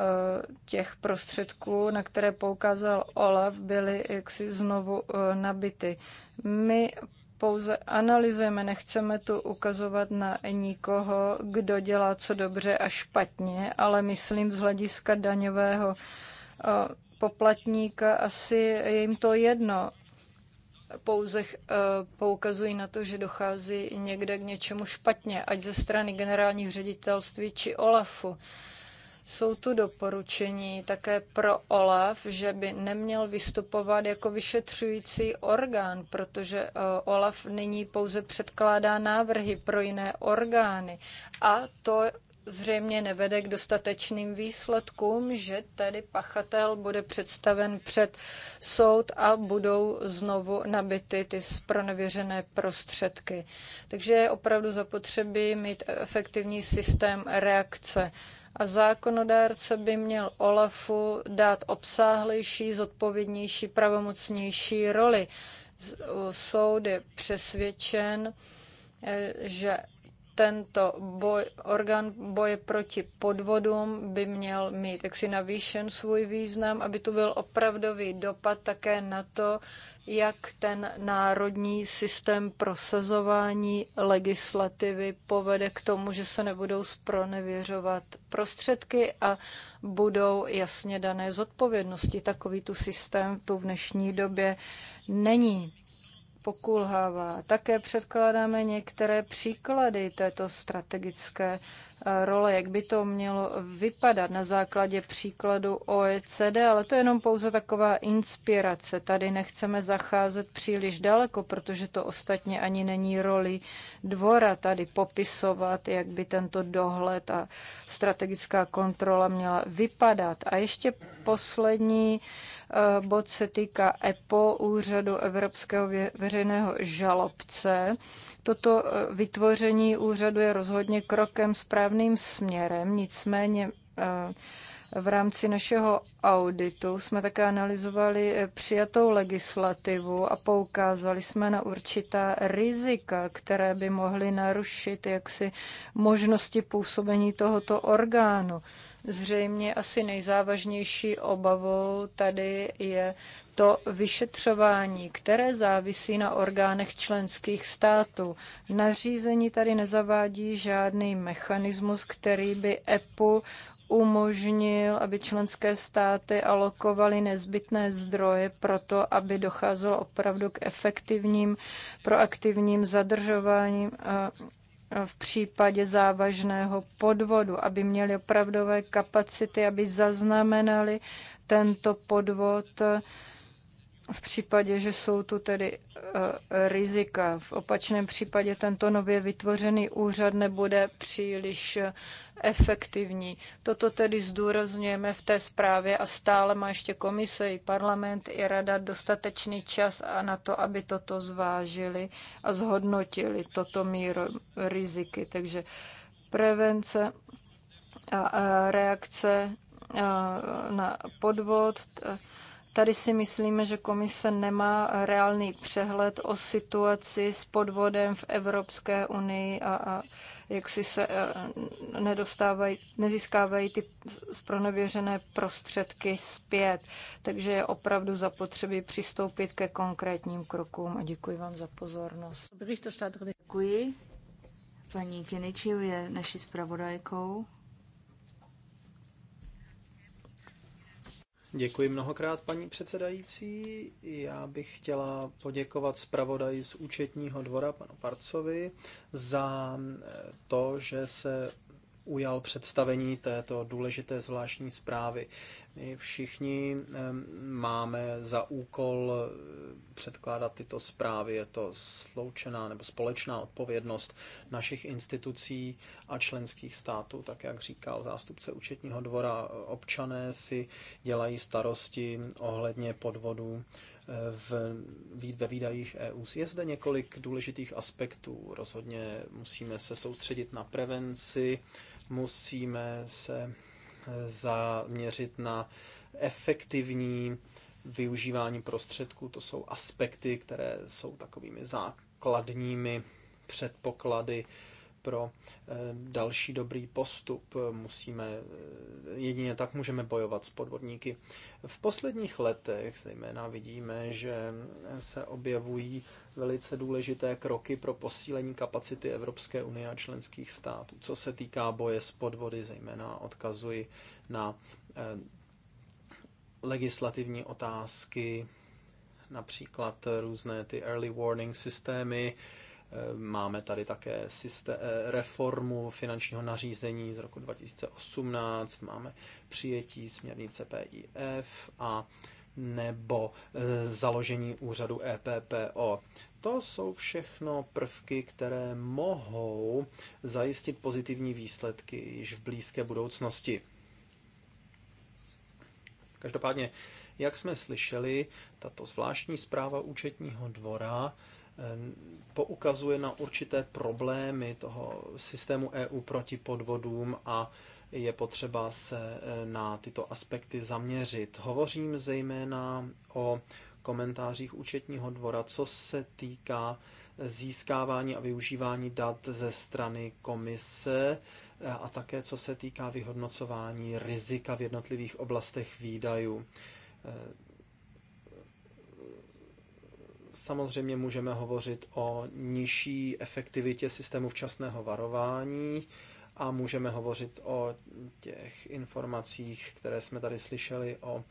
těch prostředků, na které poukázal Olaf, byly jaksi znovu eh, nabity. My pouze analyzujeme, nechceme tu ukazovat na nikoho, kdo dělá co dobře a špatně, ale myslím z hlediska daňového eh, poplatníka asi je jim to jedno pouze eh, poukazují na to, že dochází někde k něčemu špatně, ať ze strany generálních ředitelství či OLAFu. Jsou tu doporučení také pro OLAF, že by neměl vystupovat jako vyšetřující orgán, protože eh, OLAF nyní pouze předkládá návrhy pro jiné orgány. A to zřejmě nevede k dostatečným výsledkům, že tedy pachatel bude představen před soud a budou znovu nabity ty spronevěřené prostředky. Takže je opravdu zapotřebí mít efektivní systém reakce a zákonodárce by měl OLAFu dát obsáhlejší, zodpovědnější, pravomocnější roli. Soud je přesvědčen, eh, že tento boj, orgán boje proti podvodům by měl mít jaksi navýšen svůj význam, aby to byl opravdový dopad také na to, jak ten národní systém prosazování legislativy povede k tomu, že se nebudou spronevěřovat prostředky a budou jasně dané zodpovědnosti. Takový tu systém tu v dnešní době není pokulhává. Také předkládáme některé příklady této strategické role, jak by to mělo vypadat na základě příkladu OECD, ale to je jenom pouze taková inspirace. Tady nechceme zacházet příliš daleko, protože to ostatně ani není roli dvora tady popisovat, jak by tento dohled a strategická kontrola měla vypadat. A ještě poslední eh, bod se týká EPO, Úřadu Evropského veřejného žalobce. Toto e, vytvoření úřadu je rozhodně krokem správným směrem, nicméně e, v rámci našeho auditu jsme také analyzovali e, přijatou legislativu a poukázali jsme na určitá rizika, které by mohly narušit jaksi možnosti působení tohoto orgánu. Zřejmě asi nejzávažnější obavou tady je to vyšetřování, které závisí na orgánech členských států. Nařízení tady nezavádí žádný mechanismus, který by EPU umožnil, aby členské státy alokovaly nezbytné zdroje pro to, aby docházelo opravdu k efektivním, proaktivním zadržováním v případě závažného podvodu, aby měli opravdové kapacity, aby zaznamenali tento podvod v případě, že jsou tu tedy eh, rizika. V opačném případě tento nově vytvořený úřad nebude příliš eh, efektivní. Toto tedy zdůrazňujeme v té zprávě a stále má ještě komise i parlament i rada dostatečný čas a na to, aby toto zvážili a zhodnotili toto míru riziky. Takže prevence a reakce eh, na podvod, Tady si myslíme, že komise nemá reálný přehled o situaci s podvodem v Evropské unii a, a jak si se e, nedostávají, nezískávají ty zpronevěřené prostředky zpět. Takže je opravdu zapotřebí přistoupit ke konkrétním krokům a děkuji vám za pozornost. Děkuji. Paní Kiniči je naší zpravodajkou. Děkuji mnohokrát, paní předsedající. Já bych chtěla poděkovat zpravodaji z účetního dvora, panu Parcovi, za to, že se ujal představení této důležité zvláštní zprávy. My všichni máme za úkol eh, předkládat tyto zprávy. Je to sloučená nebo společná odpovědnost našich institucí a členských států. Tak, jak říkal zástupce účetního dvora, občané si dělají starosti ohledně podvodů eh, v, ve výdajích EU. Je zde několik důležitých aspektů. Rozhodně musíme se soustředit na prevenci, Musíme se eh, zaměřit na efektivní využívání prostředků. To jsou aspekty, které jsou takovými základními předpoklady pro eh, další dobrý postup. Musíme, eh, jedině tak můžeme bojovat s podvodníky. V posledních letech zejména vidíme, že se objevují velice důležité kroky pro posílení kapacity Evropské unie a členských států. Co se týká boje s podvody, zejména odkazuji na eh, legislativní otázky, například různé ty early warning systémy, Eh, máme tady také systém, eh, reformu finančního nařízení z roku 2018, máme přijetí směrnice PIF a nebo eh, založení úřadu EPPO. To jsou všechno prvky, které mohou zajistit pozitivní výsledky již v blízké budoucnosti. Každopádně, jak jsme slyšeli, tato zvláštní zpráva účetního dvora Ehm, poukazuje na určité problémy toho systému EU proti podvodům a je potřeba se eh, na tyto aspekty zaměřit. Hovořím zejména o komentářích účetního dvora, co se týká eh, získávání a využívání dat ze strany komise eh, a také co se týká vyhodnocování rizika v jednotlivých oblastech výdajů. Samozřejmě můžeme hovořit o nižší efektivitě systému včasného varování a můžeme hovořit o těch informacích, které jsme tady slyšeli o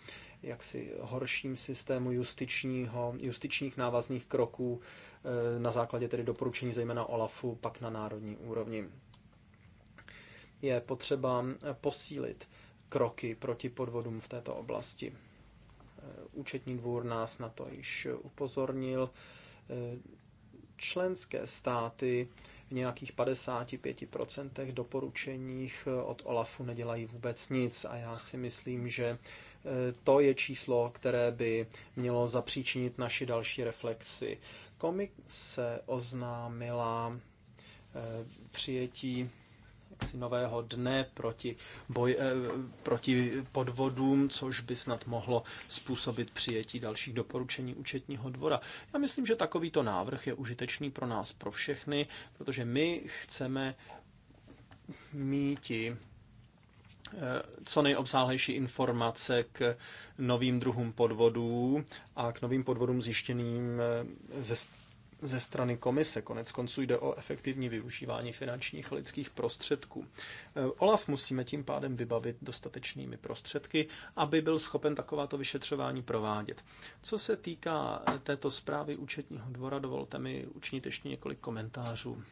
jaksi horším systému justičního, justičních návazných kroků eh, na základě tedy doporučení zejména OLAFu, pak na národní úrovni. Je potřeba posílit kroky proti podvodům v této oblasti. Účetní dvůr nás na to již upozornil. Členské státy v nějakých 55% doporučeních od OLAFu nedělají vůbec nic a já si myslím, že eh, to je číslo, které by mělo zapříčinit naši další reflexi. Komik se oznámila eh, přijetí jaksi nového dne proti, boj, eh, proti podvodům, což by snad mohlo způsobit přijetí dalších doporučení účetního dvora. Já myslím, že takovýto návrh je užitečný pro nás, pro všechny, protože my chceme mít eh, co nejobsáhlejší informace k novým druhům podvodů a k novým podvodům zjištěným eh, ze ze strany komise. Konec konců jde o efektivní využívání finančních a lidských prostředků. E, Olaf musíme tím pádem vybavit dostatečnými prostředky, aby byl schopen takováto vyšetřování provádět. Co se týká e, této zprávy účetního dvora, dovolte mi učinit ještě několik komentářů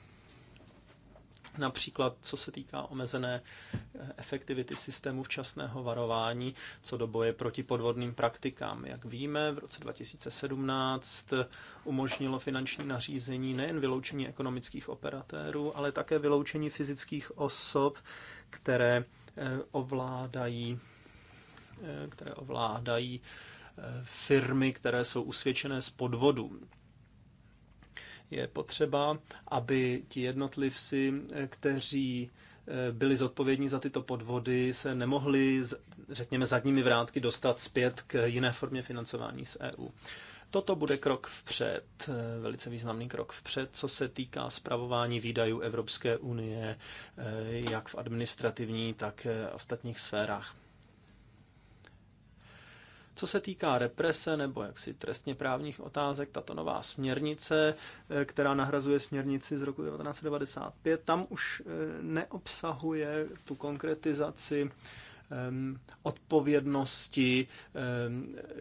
například co se týká omezené eh, efektivity systému včasného varování, co do boje proti podvodným praktikám. Jak víme, v roce 2017 umožnilo finanční nařízení nejen vyloučení ekonomických operatérů, ale také vyloučení fyzických osob, které eh, ovládají, eh, které ovládají firmy, které jsou usvědčené z podvodu. Je potřeba, aby ti jednotlivci, eh, kteří eh, byli zodpovědní za tyto podvody, se nemohli, řekněme, zadními vrátky dostat zpět k jiné formě financování z EU. Toto bude krok vpřed, eh, velice významný krok vpřed, co se týká zpravování výdajů Evropské unie, jak v administrativní, tak v ostatních sférách. Co se týká represe nebo jaksi trestně právních otázek, tato nová směrnice, eh, která nahrazuje směrnici z roku 1995, tam už eh, neobsahuje tu konkretizaci odpovědnosti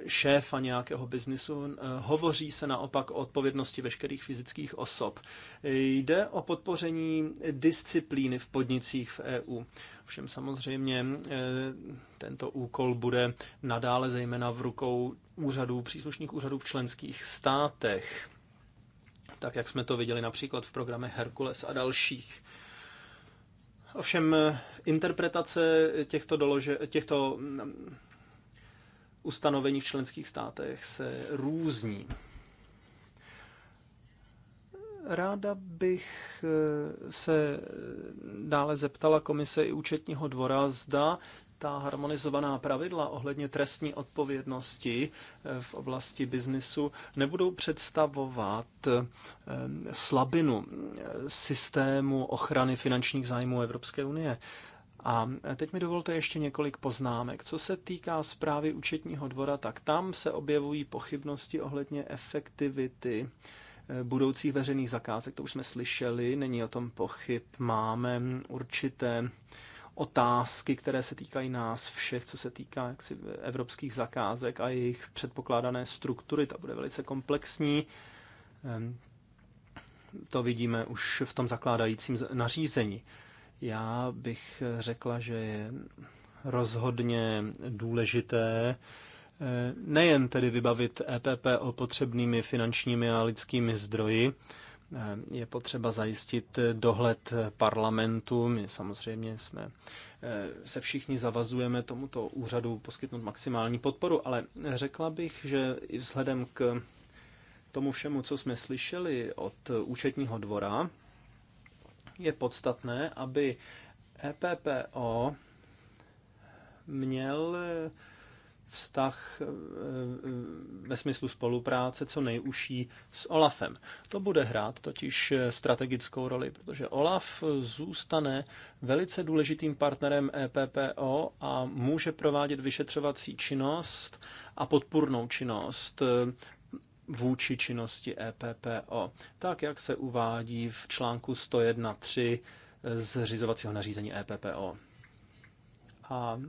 šéfa nějakého biznisu, hovoří se naopak o odpovědnosti veškerých fyzických osob. Jde o podpoření disciplíny v podnicích v EU. Všem samozřejmě tento úkol bude nadále zejména v rukou úřadů, příslušných úřadů v členských státech tak jak jsme to viděli například v programe Herkules a dalších. Ovšem eh, interpretace těchto, dolože, těchto mm, ustanovení v členských státech se různí. Ráda bych eh, se dále zeptala komise i účetního dvora, zda ta harmonizovaná pravidla ohledně trestní odpovědnosti eh, v oblasti biznisu nebudou představovat eh, slabinu eh, systému ochrany finančních zájmů Evropské unie. A teď mi dovolte ještě několik poznámek. Co se týká zprávy účetního dvora, tak tam se objevují pochybnosti ohledně efektivity budoucích veřejných zakázek. To už jsme slyšeli, není o tom pochyb. Máme určité otázky, které se týkají nás všech, co se týká jaksi evropských zakázek a jejich předpokládané struktury. Ta bude velice komplexní. Ehm, to vidíme už v tom zakládajícím nařízení. Já bych řekla, že je rozhodně důležité ehm, nejen tedy vybavit EPP o potřebnými finančními a lidskými zdroji, je potřeba zajistit dohled parlamentu. My samozřejmě jsme eh, se všichni zavazujeme tomuto úřadu poskytnout maximální podporu, ale řekla bych, že i vzhledem k tomu všemu, co jsme slyšeli od účetního dvora, je podstatné, aby EPPO měl vztah eh, eh, ve smyslu spolupráce co nejužší s Olafem. To bude hrát totiž eh, strategickou roli, protože Olaf zůstane velice důležitým partnerem EPPO a může provádět vyšetřovací činnost a podpůrnou činnost vůči činnosti EPPO, tak jak se uvádí v článku 101.3 zřizovacího nařízení EPPO. A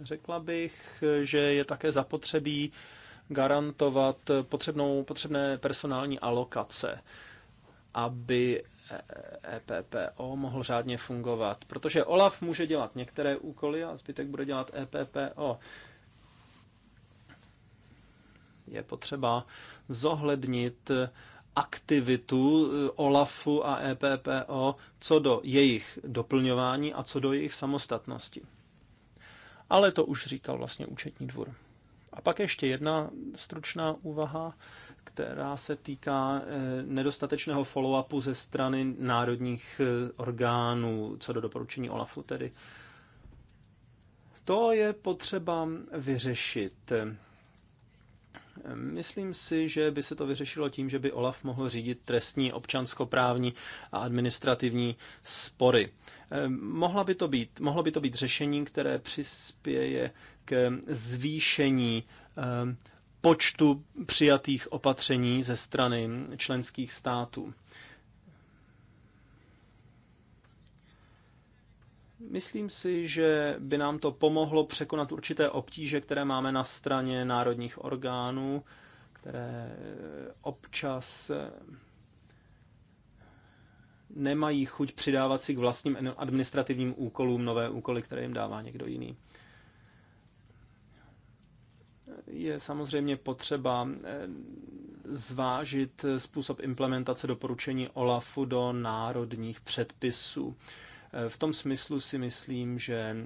Řekla bych, že je také zapotřebí garantovat potřebnou, potřebné personální alokace, aby EPPO mohl řádně fungovat. Protože OLAF může dělat některé úkoly a zbytek bude dělat EPPO. Je potřeba zohlednit aktivitu OLAFu a EPPO co do jejich doplňování a co do jejich samostatnosti ale to už říkal vlastně účetní dvůr. A pak ještě jedna stručná úvaha, která se týká eh, nedostatečného follow-upu ze strany národních eh, orgánů, co do doporučení OLAFu tedy. To je potřeba vyřešit. Myslím si, že by se to vyřešilo tím, že by OLAF mohl řídit trestní, občanskoprávní a administrativní spory. Ehm, mohla by to být, mohlo by to být řešení, které přispěje k zvýšení ehm, počtu přijatých opatření ze strany členských států. Myslím si, že by nám to pomohlo překonat určité obtíže, které máme na straně národních orgánů, které občas eh, nemají chuť přidávat si k vlastním administrativním úkolům nové úkoly, které jim dává někdo jiný. Je samozřejmě potřeba eh, zvážit způsob implementace doporučení OLAFu do národních předpisů. V tom smyslu si myslím, že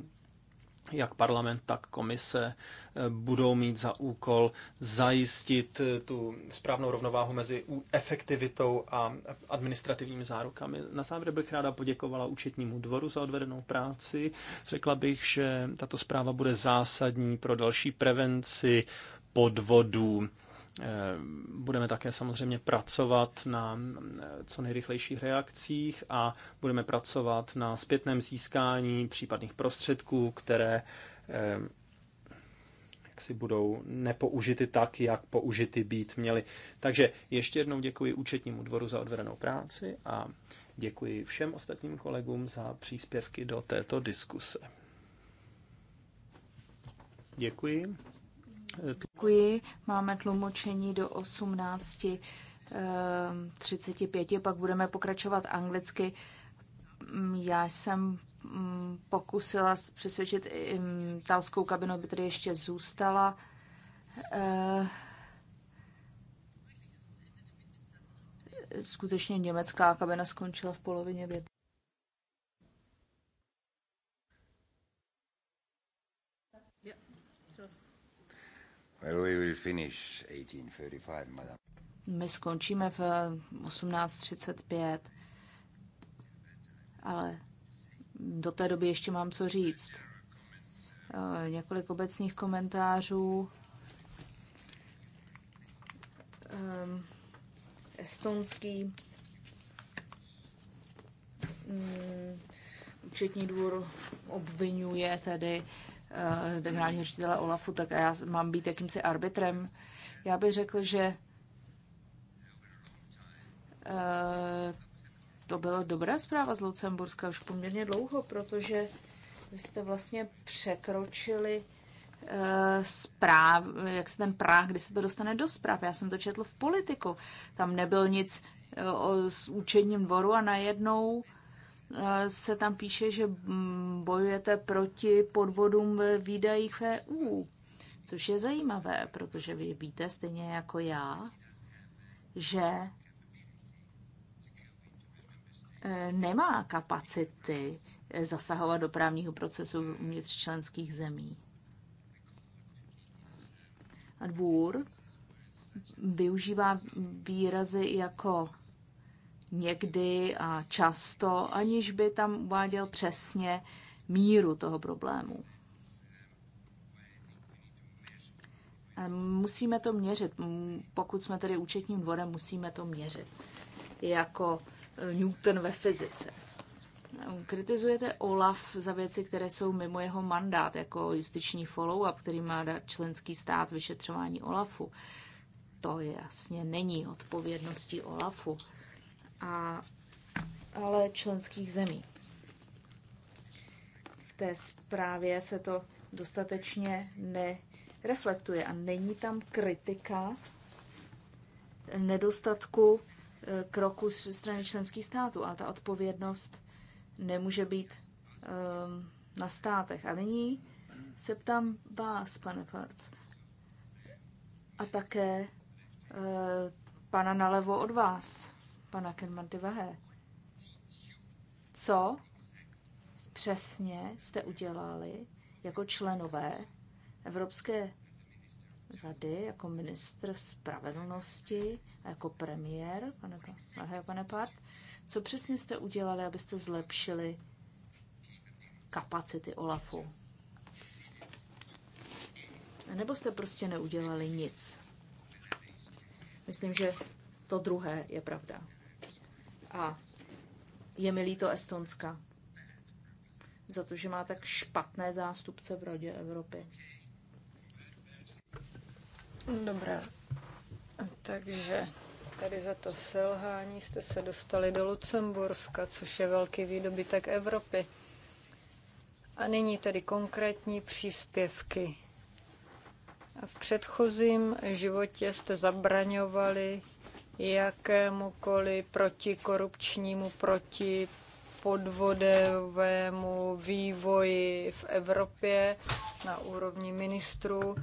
jak parlament, tak komise eh, budou mít za úkol zajistit eh, tu správnou rovnováhu mezi efektivitou a administrativními zárukami. Na závěr bych ráda poděkovala účetnímu dvoru za odvedenou práci. Řekla bych, že tato zpráva bude zásadní pro další prevenci podvodů Budeme také samozřejmě pracovat na eh, co nejrychlejších reakcích a budeme pracovat na zpětném získání případných prostředků, které eh, jaksi budou nepoužity tak, jak použity být měly. Takže ještě jednou děkuji účetnímu dvoru za odvedenou práci a děkuji všem ostatním kolegům za příspěvky do této diskuse. Děkuji. Děkuji. Máme tlumočení do 18.35, ehm, pak budeme pokračovat anglicky. Mm, já jsem mm, pokusila přesvědčit mm, italskou kabinu, aby tady ještě zůstala. Ehm, skutečně německá kabina skončila v polovině věty. My skončíme v 18.35, eh, ale do té doby ještě mám co říct. Eh, několik obecných komentářů. Ehm, estonský mm, účetní dvůr obvinuje tedy Eh, generálního ředitele Olafu, tak já mám být jakýmsi arbitrem. Já bych řekl, že eh, to byla dobrá zpráva z Lucemburska už poměrně dlouho, protože vy jste vlastně překročili zpráv, eh, jak se ten práh, kdy se to dostane do zpráv. Já jsem to četl v politiku. Tam nebyl nic s účetním dvoru a najednou uh, se tam píše, že mm, bojujete proti podvodům ve výdajích v EU. Což je zajímavé, protože vy víte stejně jako já, že e, nemá kapacity e, zasahovat do právního procesu uvnitř členských zemí. A dvůr využívá výrazy jako někdy a často, aniž by tam uváděl přesně míru toho problému. Musíme to měřit. Pokud jsme tedy účetním dvorem, musíme to měřit. Jako e, Newton ve fyzice. No, kritizujete Olaf za věci, které jsou mimo jeho mandát, jako justiční follow-up, který má členský stát vyšetřování Olafu. To jasně není odpovědností Olafu a, ale členských zemí. V té zprávě se to dostatečně nereflektuje a není tam kritika nedostatku e, kroku z strany členských států, ale ta odpovědnost nemůže být um, na státech. A nyní se ptám vás, pane Parc, a také e, pana nalevo od vás pana ty Vahé. Co přesně jste udělali jako členové Evropské rady, jako ministr spravedlnosti, jako premiér, pane, Vahé, pane Part, co přesně jste udělali, abyste zlepšili kapacity OLAFu? Nebo jste prostě neudělali nic? Myslím, že to druhé je pravda. A je mi líto Estonska za to, že má tak špatné zástupce v Radě Evropy. Dobrá. Takže tady za to selhání jste se dostali do Lucemburska, což je velký výdobytek Evropy. A nyní tedy konkrétní příspěvky. V předchozím životě jste zabraňovali jakémukoliv protikorupčnímu, proti podvodovému vývoji v Evropě na úrovni ministrů.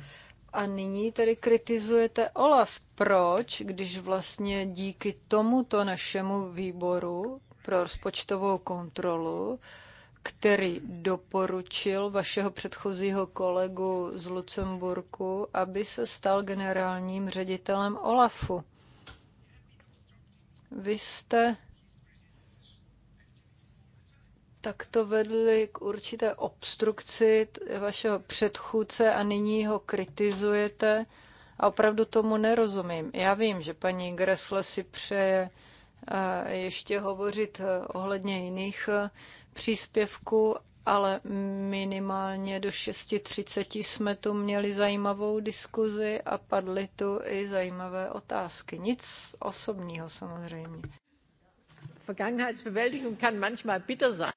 A nyní tedy kritizujete Olaf. Proč, když vlastně díky tomuto našemu výboru pro rozpočtovou kontrolu, který doporučil vašeho předchozího kolegu z Lucemburku, aby se stal generálním ředitelem Olafu? Vy jste tak to vedli k určité obstrukci vašeho předchůdce a nyní ho kritizujete. A opravdu tomu nerozumím. Já vím, že paní Gressle si přeje eh, ještě hovořit eh, ohledně jiných eh, příspěvků, ale minimálně do 6.30 jsme tu měli zajímavou diskuzi a padly tu i zajímavé otázky. Nic osobního samozřejmě. Vergangenheitsbewältigung kann manchmal bitter sein.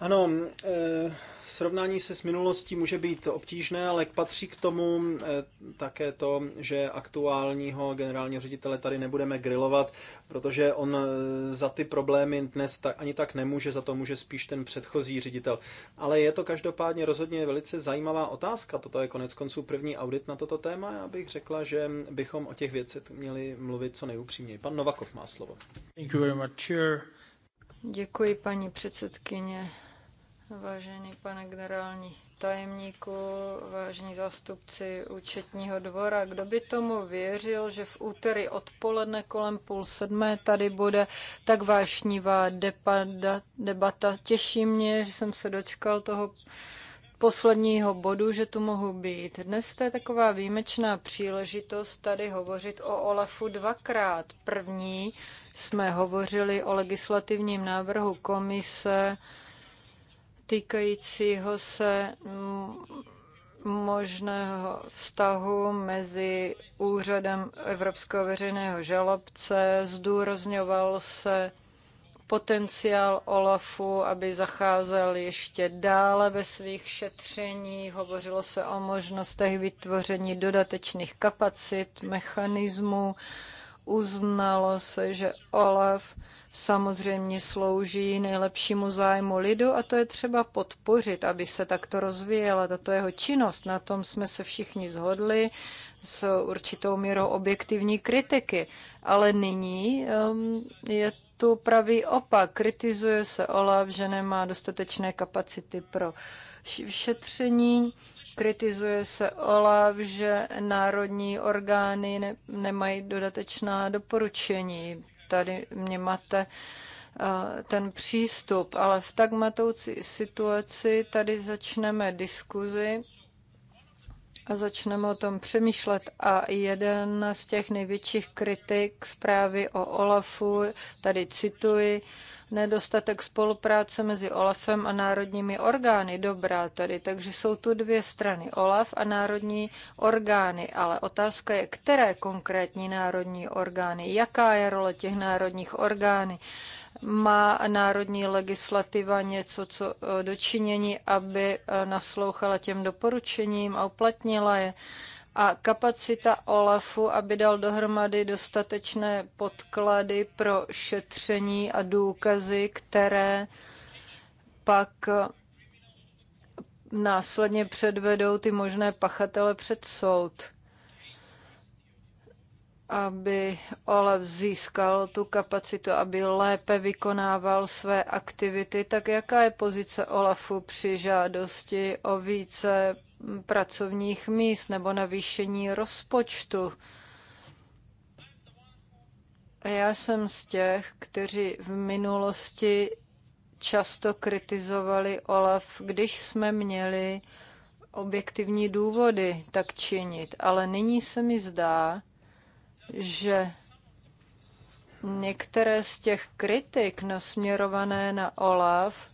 Ano, e, srovnání se s minulostí může být obtížné, ale patří k tomu e, také to, že aktuálního generálního ředitele tady nebudeme grilovat, protože on e, za ty problémy dnes tak, ani tak nemůže, za to může spíš ten předchozí ředitel. Ale je to každopádně rozhodně velice zajímavá otázka. Toto je konec konců první audit na toto téma. Já bych řekla, že bychom o těch věcech měli mluvit co nejupřímněji. Pan Novakov má slovo. Thank you very much. Děkuji, paní předsedkyně. Vážený pane generální tajemníku, vážení zástupci účetního dvora, kdo by tomu věřil, že v úterý odpoledne kolem půl sedmé tady bude tak vášnivá debata. Těší mě, že jsem se dočkal toho posledního bodu, že tu mohu být. Dnes to je taková výjimečná příležitost tady hovořit o OLAFu dvakrát. První jsme hovořili o legislativním návrhu komise týkajícího se mm, možného vztahu mezi úřadem Evropského veřejného žalobce. Zdůrazňoval se potenciál Olafu, aby zacházel ještě dále ve svých šetřeních. Hovořilo se o možnostech vytvoření dodatečných kapacit, mechanismů uznalo se, že OLAF samozřejmě slouží nejlepšímu zájmu lidu a to je třeba podpořit, aby se takto rozvíjela tato jeho činnost. Na tom jsme se všichni zhodli s určitou mírou objektivní kritiky. Ale nyní ehm, je tu pravý opak. Kritizuje se OLAF, že nemá dostatečné kapacity pro šetření Kritizuje se OLAV, že národní orgány ne, nemají dodatečná doporučení. Tady mě máte eh, ten přístup, ale v tak matoucí situaci tady začneme diskuzi a začneme o tom přemýšlet. A jeden z těch největších kritik zprávy o OLAFu, tady cituji, nedostatek spolupráce mezi OLAFem a národními orgány. Dobrá tady, takže jsou tu dvě strany, OLAF a národní orgány, ale otázka je, které konkrétní národní orgány, jaká je role těch národních orgánů má národní legislativa něco co eh, dočinění, aby eh, naslouchala těm doporučením a uplatnila je a kapacita OLAFu, aby dal dohromady dostatečné podklady pro šetření a důkazy, které pak následně předvedou ty možné pachatele před soud, aby OLAF získal tu kapacitu, aby lépe vykonával své aktivity, tak jaká je pozice OLAFu při žádosti o více pracovních míst nebo navýšení rozpočtu. A já jsem z těch, kteří v minulosti často kritizovali Olaf, když jsme měli objektivní důvody tak činit. Ale nyní se mi zdá, že některé z těch kritik nasměrované na Olaf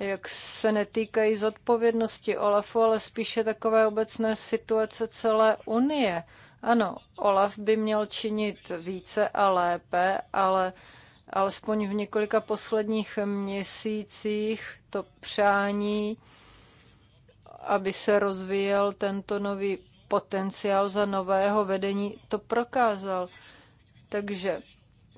jak se netýkají zodpovědnosti Olafu, ale spíše takové obecné situace celé Unie. Ano, Olaf by měl činit více a lépe, ale alespoň v několika posledních měsících to přání, aby se rozvíjel tento nový potenciál za nového vedení, to prokázal. Takže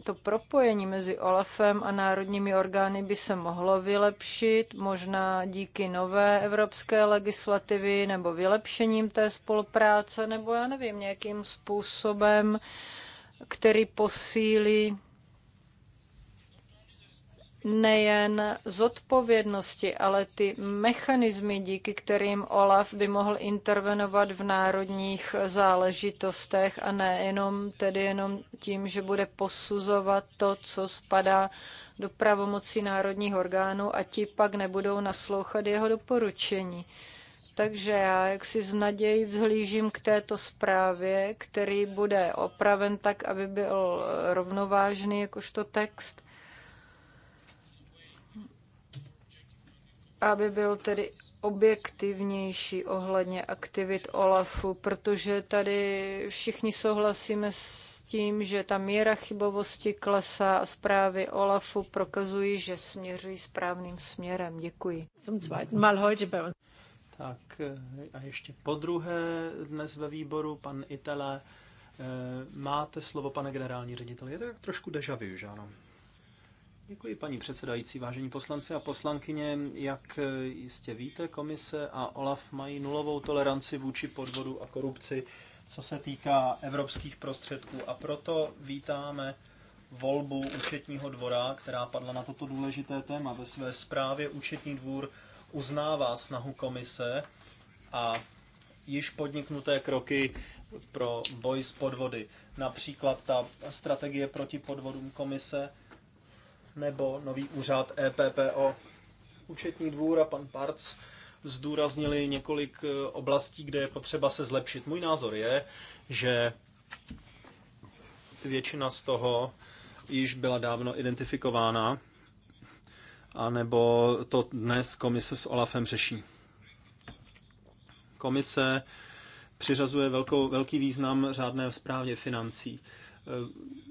to propojení mezi OLAFem a národními orgány by se mohlo vylepšit, možná díky nové evropské legislativy nebo vylepšením té spolupráce, nebo já nevím, nějakým způsobem, který posílí nejen zodpovědnosti, ale ty mechanismy, díky kterým OLAF by mohl intervenovat v národních záležitostech a nejenom tedy jenom tím, že bude posuzovat to, co spadá do pravomocí národních orgánů a ti pak nebudou naslouchat jeho doporučení. Takže já jak si z naději vzhlížím k této zprávě, který bude opraven tak, aby byl rovnovážný jakožto text aby byl tedy objektivnější ohledně aktivit OLAFu, protože tady všichni souhlasíme s tím, že ta míra chybovosti klesá a zprávy OLAFu prokazují, že směřují správným směrem. Děkuji. Tak eh, a ještě po druhé dnes ve výboru, pan Itele, eh, máte slovo, pane generální ředitel. Je to tak trošku deja vu, že ano? Děkuji, paní předsedající. Vážení poslanci a poslankyně, jak jistě víte, komise a OLAF mají nulovou toleranci vůči podvodu a korupci, co se týká evropských prostředků. A proto vítáme volbu účetního dvora, která padla na toto důležité téma. Ve své zprávě účetní dvůr uznává snahu komise a již podniknuté kroky pro boj s podvody. Například ta strategie proti podvodům komise nebo nový úřad EPPO. Účetní dvůr a pan Parc zdůraznili několik eh, oblastí, kde je potřeba se zlepšit. Můj názor je, že většina z toho již byla dávno identifikována, anebo to dnes komise s Olafem řeší. Komise přiřazuje velkou, velký význam řádné správě financí. Eh,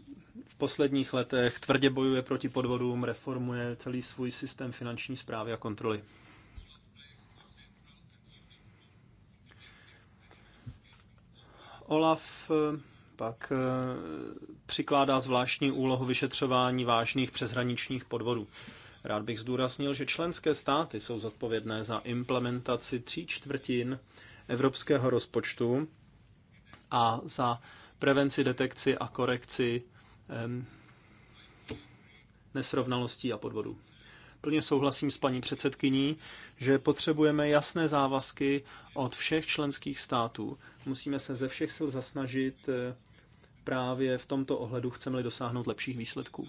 posledních letech tvrdě bojuje proti podvodům, reformuje celý svůj systém finanční zprávy a kontroly. Olaf eh, pak eh, přikládá zvláštní úlohu vyšetřování vážných přeshraničních podvodů. Rád bych zdůraznil, že členské státy jsou zodpovědné za implementaci tří čtvrtin evropského rozpočtu a za prevenci, detekci a korekci nesrovnalostí a podvodů. Plně souhlasím s paní předsedkyní, že potřebujeme jasné závazky od všech členských států. Musíme se ze všech sil zasnažit eh, právě v tomto ohledu, chceme-li dosáhnout lepších výsledků.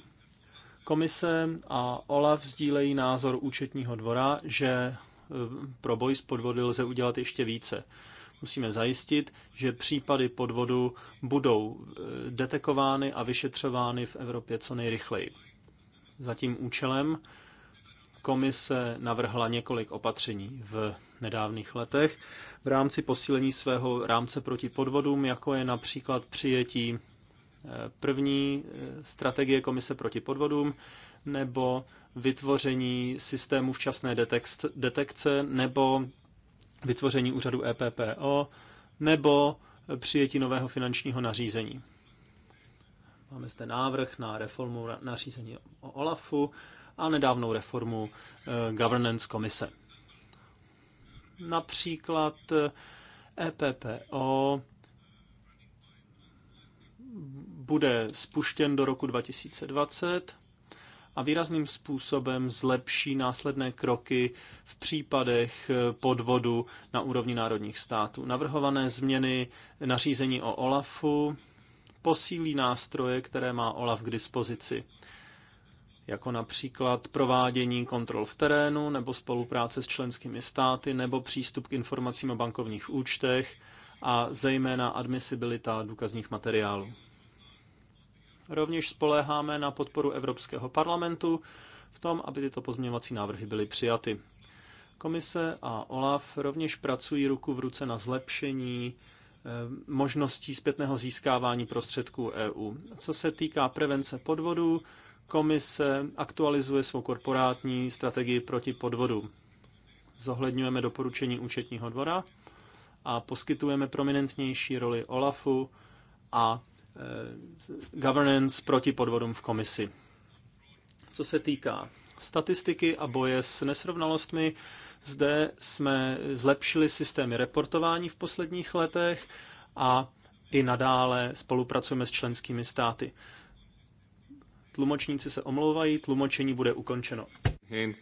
Komise a OLAF sdílejí názor účetního dvora, že eh, pro boj s podvody lze udělat ještě více. Musíme zajistit, že případy podvodu budou eh, detekovány a vyšetřovány v Evropě co nejrychleji. Za tím účelem komise navrhla několik opatření v nedávných letech v rámci posílení svého rámce proti podvodům, jako je například přijetí eh, první eh, strategie komise proti podvodům nebo vytvoření systému včasné detekce nebo vytvoření úřadu EPPO nebo přijetí nového finančního nařízení. Máme zde návrh na reformu nařízení o OLAFu a nedávnou reformu eh, governance komise. Například EPPO eh, e bude spuštěn do roku 2020 a výrazným způsobem zlepší následné kroky v případech eh, podvodu na úrovni národních států. Navrhované změny nařízení o OLAFu posílí nástroje, které má OLAF k dispozici jako například provádění kontrol v terénu nebo spolupráce s členskými státy nebo přístup k informacím o bankovních účtech a zejména admisibilita důkazních materiálů. Rovněž spoléháme na podporu Evropského parlamentu v tom, aby tyto pozměňovací návrhy byly přijaty. Komise a OLAF rovněž pracují ruku v ruce na zlepšení eh, možností zpětného získávání prostředků EU. Co se týká prevence podvodů, komise aktualizuje svou korporátní strategii proti podvodu. Zohledňujeme doporučení účetního dvora a poskytujeme prominentnější roli OLAFu a Eh, governance proti podvodům v komisi. Co se týká statistiky a boje s nesrovnalostmi, zde jsme zlepšili systémy reportování v posledních letech a i nadále spolupracujeme s členskými státy. Tlumočníci se omlouvají, tlumočení bude ukončeno. Hence,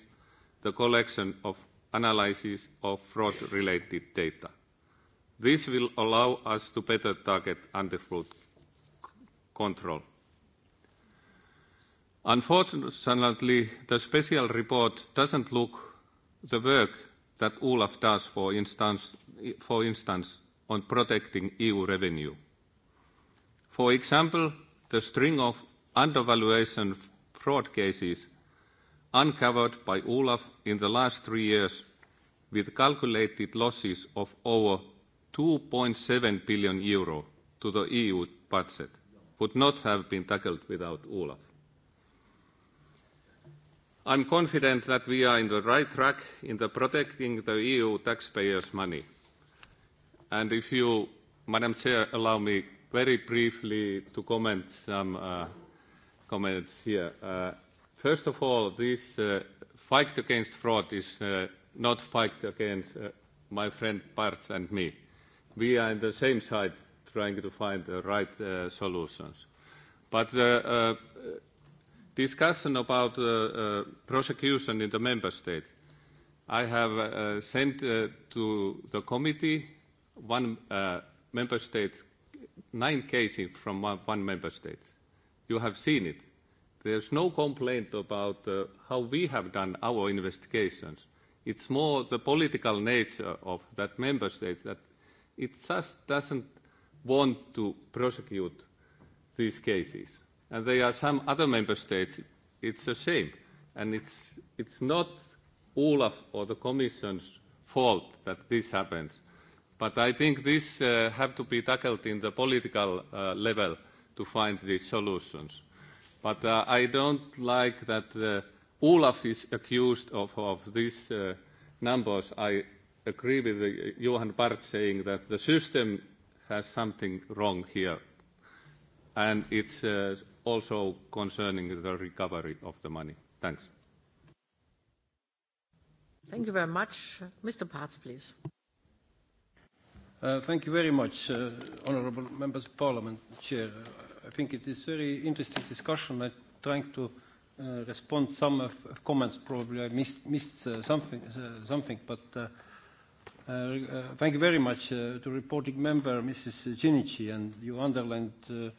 the collection of analysis of fraud related data. This will allow us to better target anti-fraud control. Unfortunately, the special report doesn't look the work that Olaf does, for instance, for instance, on protecting EU revenue. For example, the string of undervaluation fraud cases uncovered by Olaf in the last three years with calculated losses of over 2.7 billion euro to the EU budget would not have been tackled without Olaf. I'm confident that we are in the right track in the protecting the EU taxpayers' money. And if you, Madam Chair, allow me very briefly to comment some uh, comments here. Uh, first of all, this uh, fight against fraud is uh, not fight against uh, my friend Parts and me. We are on the same side trying to find the right uh, solutions. But the uh, uh, discussion about uh, uh, prosecution in the member state, I have uh, sent uh, to the committee one uh, member state, nine cases from one, one member state. You have seen it. There's no complaint about uh, how we have done our investigations. It's more the political nature of that member state that it just doesn't want to prosecute these cases. And there are some other member states, it's the same. And it's, it's not Olaf or the Commission's fault that this happens. But I think this uh, have to be tackled in the political uh, level to find these solutions. But uh, I don't like that uh, Olaf is accused of, of these uh, numbers. I agree with uh, Johan Bart saying that the system has something wrong here, and it's uh, also concerning the recovery of the money. Thanks. Thank you very much. Mr. Parts, please. Uh, thank you very much, uh, Honourable members of parliament, chair. I think it is very interesting discussion. I'm trying to uh, respond some of, of comments. Probably I missed, missed uh, something, uh, something, but uh, Uh, thank you very much uh, to reporting member Mrs. Ginici, and you underlined uh,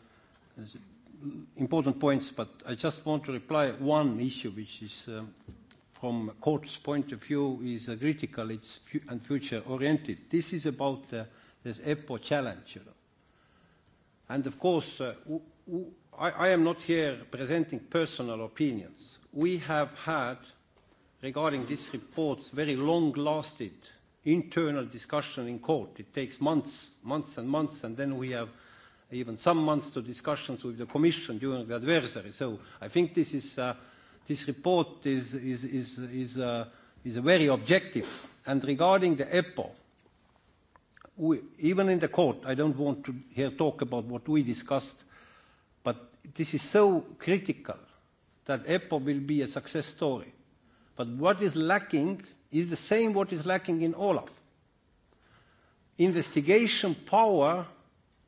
important points, but I just want to reply one issue which is um, from court's point of view is uh, critical it's fu and future oriented. This is about uh, this EPO challenge. You know. And of course, uh, I, I am not here presenting personal opinions. We have had, regarding these reports, very long-lasting internal discussion in court. It takes months, months and months, and then we have even some months to discussions with the Commission during the adversary. So I think this is uh, this report is is is is, uh, is very objective. And regarding the EPO, we, even in the court, I don't want to here talk about what we discussed, but this is so critical that EPO will be a success story. But what is lacking is the same what is lacking in Olaf. Investigation power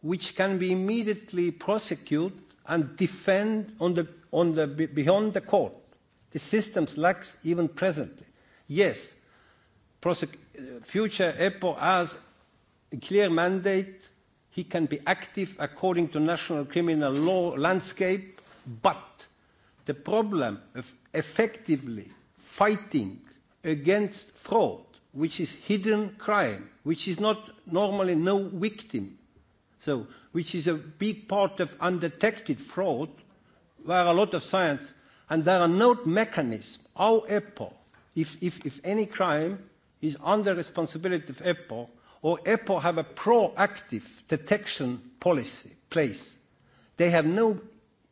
which can be immediately prosecuted and defend on the, on the, beyond the court. The system lacks even presently. Yes, uh, future EPO has a clear mandate. He can be active according to national criminal law landscape, but the problem of effectively fighting against fraud, which is hidden crime, which is not normally no victim. So, which is a big part of undetected fraud, where a lot of science, and there are no mechanisms. How EPO, if, if, if any crime is under responsibility of EPO, or EPO have a proactive detection policy place, they have no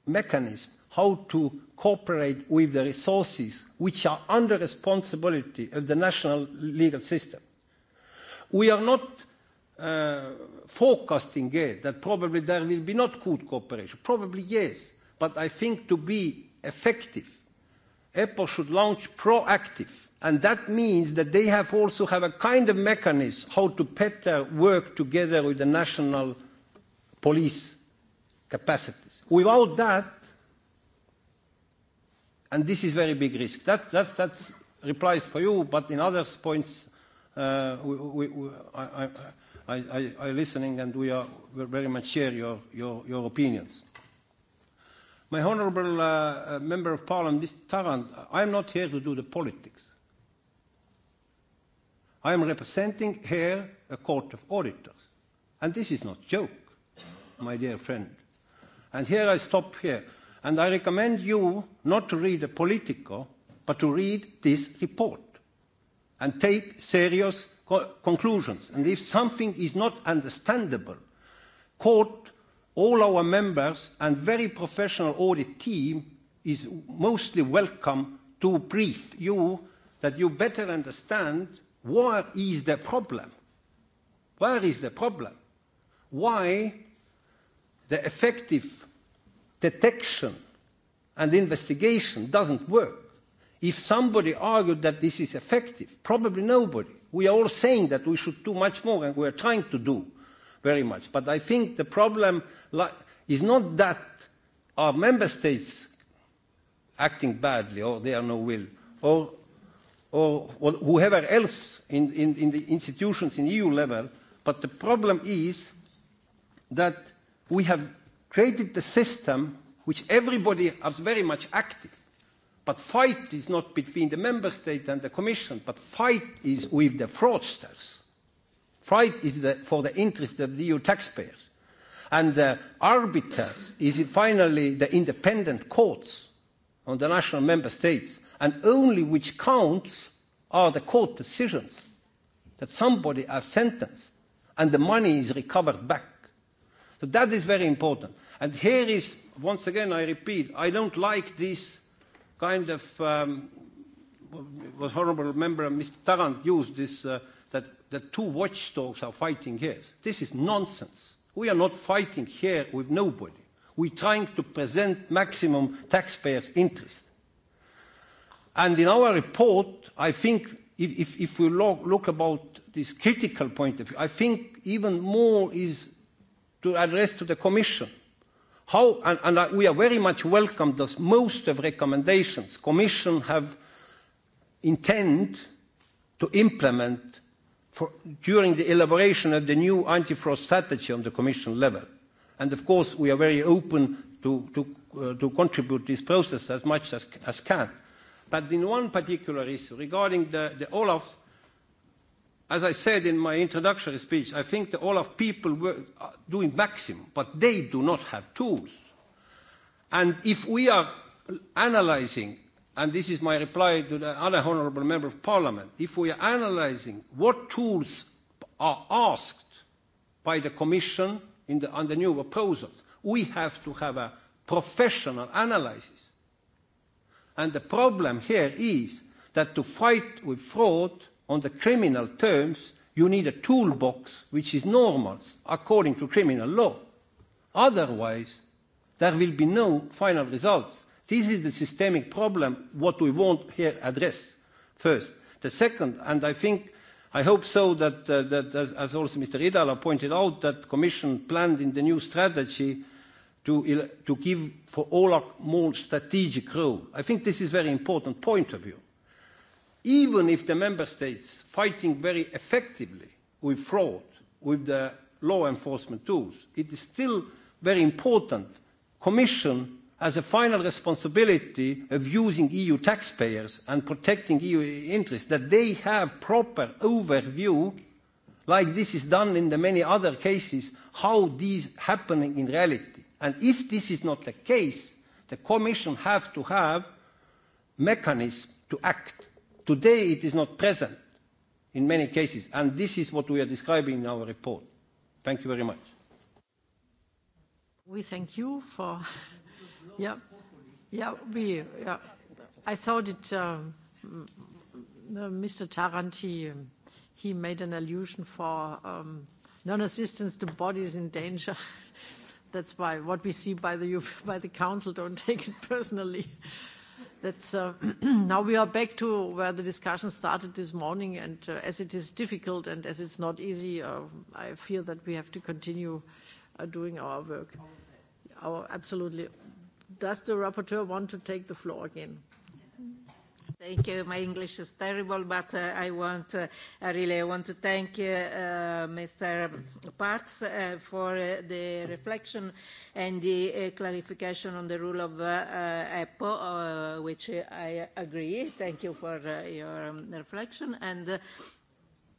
mechanism how to cooperate with the resources which are under responsibility of the national legal system. We are not uh, forecasting yet that probably there will be not good cooperation. Probably yes, but I think to be effective, EPO should launch proactive, and that means that they have also have a kind of mechanism how to better work together with the national police capacities. Without that, and this is very big risk. That, that, that replies for you, but in other points, uh, we, we, I, I, I, I listening and we are we very much share your, your, your opinions. My honourable uh, uh, member of parliament, Mr. Tarrant, I am not here to do the politics. I am representing here a court of auditors. And this is not joke, my dear friend. And here I stop here. And I recommend you not to read the Politico, but to read this report and take serious co- conclusions. And if something is not understandable, quote all our members and very professional audit team is mostly welcome to brief you that you better understand what is the problem. Where is the problem? Why the effective detection and investigation doesn't work. If somebody argued that this is effective, probably nobody. We are all saying that we should do much more, and we are trying to do very much. But I think the problem is not that our member states acting badly or they are no will, or, or, whoever else in, in, in the institutions in EU level, but the problem is that we have created the system which everybody is very much active. But fight is not between the member state and the commission, but fight is with the fraudsters. Fight is the, for the interest of the EU taxpayers. And the arbiters is finally the independent courts on the national member states. And only which counts are the court decisions that somebody has sentenced and the money is recovered back. So that is very important. And here is, once again, I repeat, I don't like this kind of, um, was horrible. Remember, Mr. Tarrant used this, uh, that the two watchdogs are fighting here. This is nonsense. We are not fighting here with nobody. We're trying to present maximum taxpayers' interest. And in our report, I think if, if, if we look, look about this critical point of view, I think even more is to address to the Commission – How, and, and we are very much welcome that most of recommendations Commission have intend to implement for, during the elaboration of the new anti-fraud strategy on the Commission level. And of course, we are very open to, to, uh, to contribute this process as much as, as can. But in one particular issue, regarding the, the Olaf, As I said in my introductory speech, I think the Olaf people were uh, doing maximum, but they do not have tools. And if we are analyzing, and this is my reply to the other honorable member of parliament, if we are analyzing what tools are asked by the commission in the, on the new proposals, we have to have a professional analysis. And the problem here is that to fight with fraud – on the criminal terms, you need a toolbox which is normal according to criminal law. Otherwise, there will be no final results. This is the systemic problem, what we want here address first. The second, and I think, I hope so that, uh, that as, as also Mr. Idala pointed out, that Commission planned in the new strategy to, to give for OLAC more strategic role. I think this is very important point of view even if the member states fighting very effectively with fraud, with the law enforcement tools, it is still very important. Commission has a final responsibility of using EU taxpayers and protecting EU interests, that they have proper overview, like this is done in the many other cases, how these happening in reality. And if this is not the case, the Commission have to have mechanism to act Today it is not present in many cases, and this is what we are describing in our report. Thank you very much. We thank you for, yeah, yeah, we, yeah. I thought it, um, Mr. Tarrant, he, um, he made an allusion for um, non-assistance to bodies in danger. That's why what we see by the, by the council, don't take it personally. That's uh, now we are back to where the discussion started this morning, and uh, as it is difficult and as it's not easy, uh, I feel that we have to continue doing our work. Our, absolutely. Does the rapporteur want to take the floor again? Thank you. My English is terrible, but uh, I want uh, really I want to thank uh, uh Mr. Parts uh, for uh, the reflection and the uh, clarification on the rule of uh, EPO, uh, which I agree. Thank you for uh, your um, reflection and. Uh,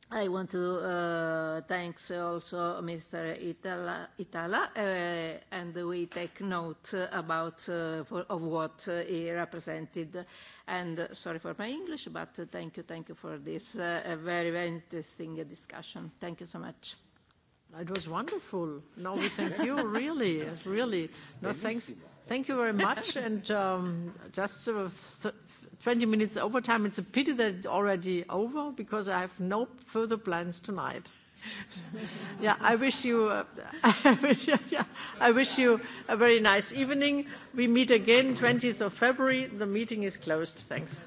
i want to uh, thank also Mr. Itala, Itala uh, and we take note about uh, for, of what he represented And uh, sorry for my English, but uh, thank you, thank you for this uh, very, very interesting uh, discussion. Thank you so much. It was wonderful. No, we thank you, really, really. No, thanks. Thank you very much. And um, just uh, 20 minutes overtime. It's a pity that it's already over because I have no further plans tonight yeah, I wish you, uh, I, wish, yeah, I wish you a very nice evening. We meet again 20th of February. The meeting is closed. Thanks.